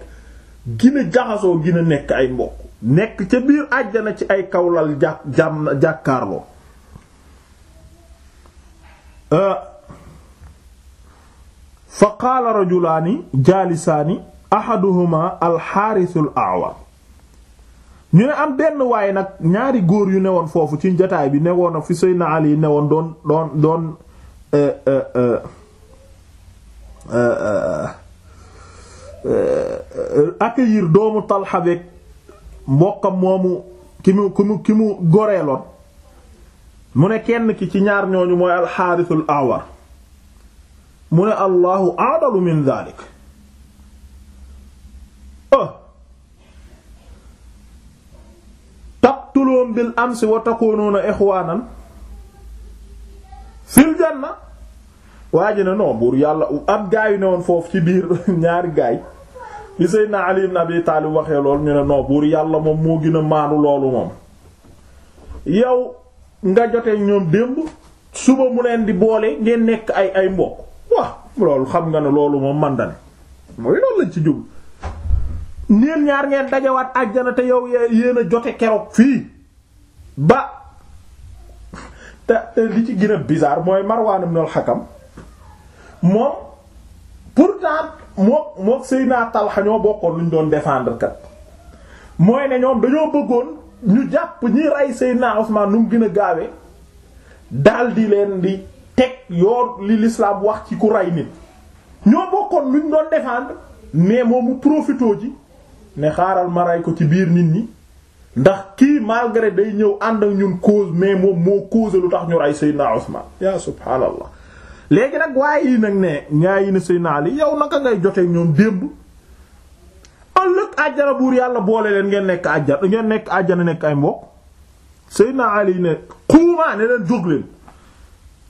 gina jaxasoo gina nekk ay mbokk nekk ca biir àjjana ci ay kawlal jàkk jàmm jàkkaarloo euh, fa qaala rajulaani jaalisaani ahaduhuma alxaarisul awar ñu ne am benn waaye nag ñaari góor yu newoon foofu ci jataay bi newoon ak fi Seydina Ali newoon doon doon doon eh, eh, eh, accueillir doomu Talxa mbokkam moomu ki mu ki mu ki mu goreeloon mu ne kenn ki ci ñaar ñooñu mooy alxaarisul awar mu ne allahu aadalu min dalik ah. taqtuluhum bil amsi wa takunuuna ixwaanan fil janna waa ji ne non buur yàlla ab gaayu ne woon foofu ci biir ñaari gaay li Seydina Ali ibn Abi waxee loolu ñu ne non buur yàlla moom moo gën a maanu loolu moom yow nga jotee ñoom démb suba mu leen di boole ngeen nekk ay ay mbokk waaw loolu xam nga ne loolu moom man da ne lañ ci jub neen ñaar ngeen dajawaat àjjana te yow yéen a jote keroog fii ba te li ci gën a mooy Marwan ibn al-Hakam moom pourtant mook mook Seydina Talha ñoo bokkoon lu ñu doon défendre kat mooy ne ñoom dañoo bëggoon ñu jàpp ñi rey Seydina Usman nu mu gën a gaawe daldi leen di teg yoor li l'islam wax ci ku rey nit ñoo bokkoon luñ doon défendre mais moom mu profitoo ji ne xaaral ma rey ko ci biir nit ñi ndax kii malgré day ñëw ànd ak ñun cause mais moom moo cause lu tax ñu ay Seydina Ousmane ya subhaanallah léegi nag waaye yi nag ne ñaa yi ne Seydina Ali yow naka ngay jotee ñoom démb ëllëg àjjana buur yàlla boole leen ngeen nekk àjjana ngeen nekk àjjana nekk ay mbokk Seydina Ali ne xuumaa ne leen jóg leen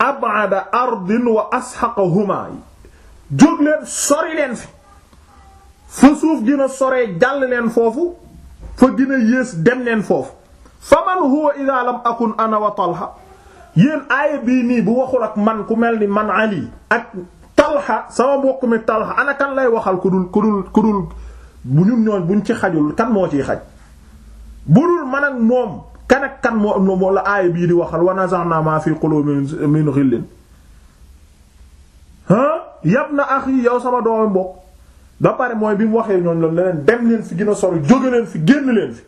ab'ada ardin wa asxaqahuma jóg leen sori leen fi fa suuf gën a soree jàll leen foofu fa gën a yées dem leen foofu fa man huwa idha lam akun ana wa talha yéen aaya bii nii bu waxul ak man ku mel ni man ali ak talha sama mbokk mi talha ana kan lay waxal ku dul ku dul bu ñun buñ ci xajul kan moo ciy xaj bu dul man ak moom kan kan moo moo la aaya bii di waxal wa naza'na ma fi qulubihim min ghillin yabna akhi yow sama doomu mbokk da pare mooy bi mu waxee ñooñ la leneen dem leen fi gina a sori jóge leen fi génn leen fi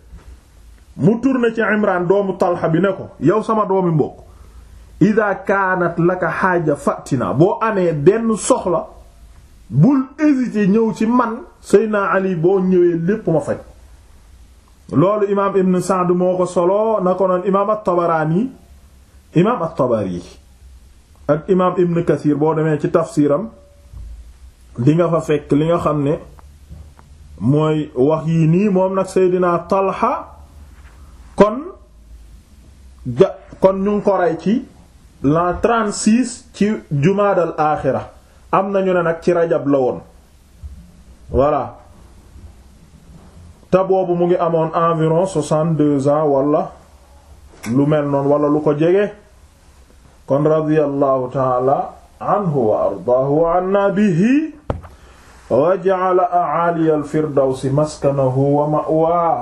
mu tourné ci Imran doomu talxa bi ne ko yow sama doomi mbokk ida kaanat laka xaaja fatina boo amee benn soxla bul hésiter ñëw ci man Seydina Ali boo ñëwee lépp ma faj loolu imaam ibn Sa'd moo ko solo na ko noon imaam at-Tabaraani imaam at-Tabari ak imaam ibn Kathir boo demee ci tafsiram di nga fa fekk li nga xam ne mooy wax yii nii moom nag Seydina Talha kon ja kon ñu ngi ko rey ci l'an 36 ci jumaadal aaxira am nañu ne nag ci rajab la woon voilà te boobu mu ngi amoon environ soixante-deux ans wala lu mel noonu wala lu ko jege kon radiyallahu taala anhu wa ardaahu wa wa ja'ala a'ali al-firdawsi maskanahu wa ma'waahu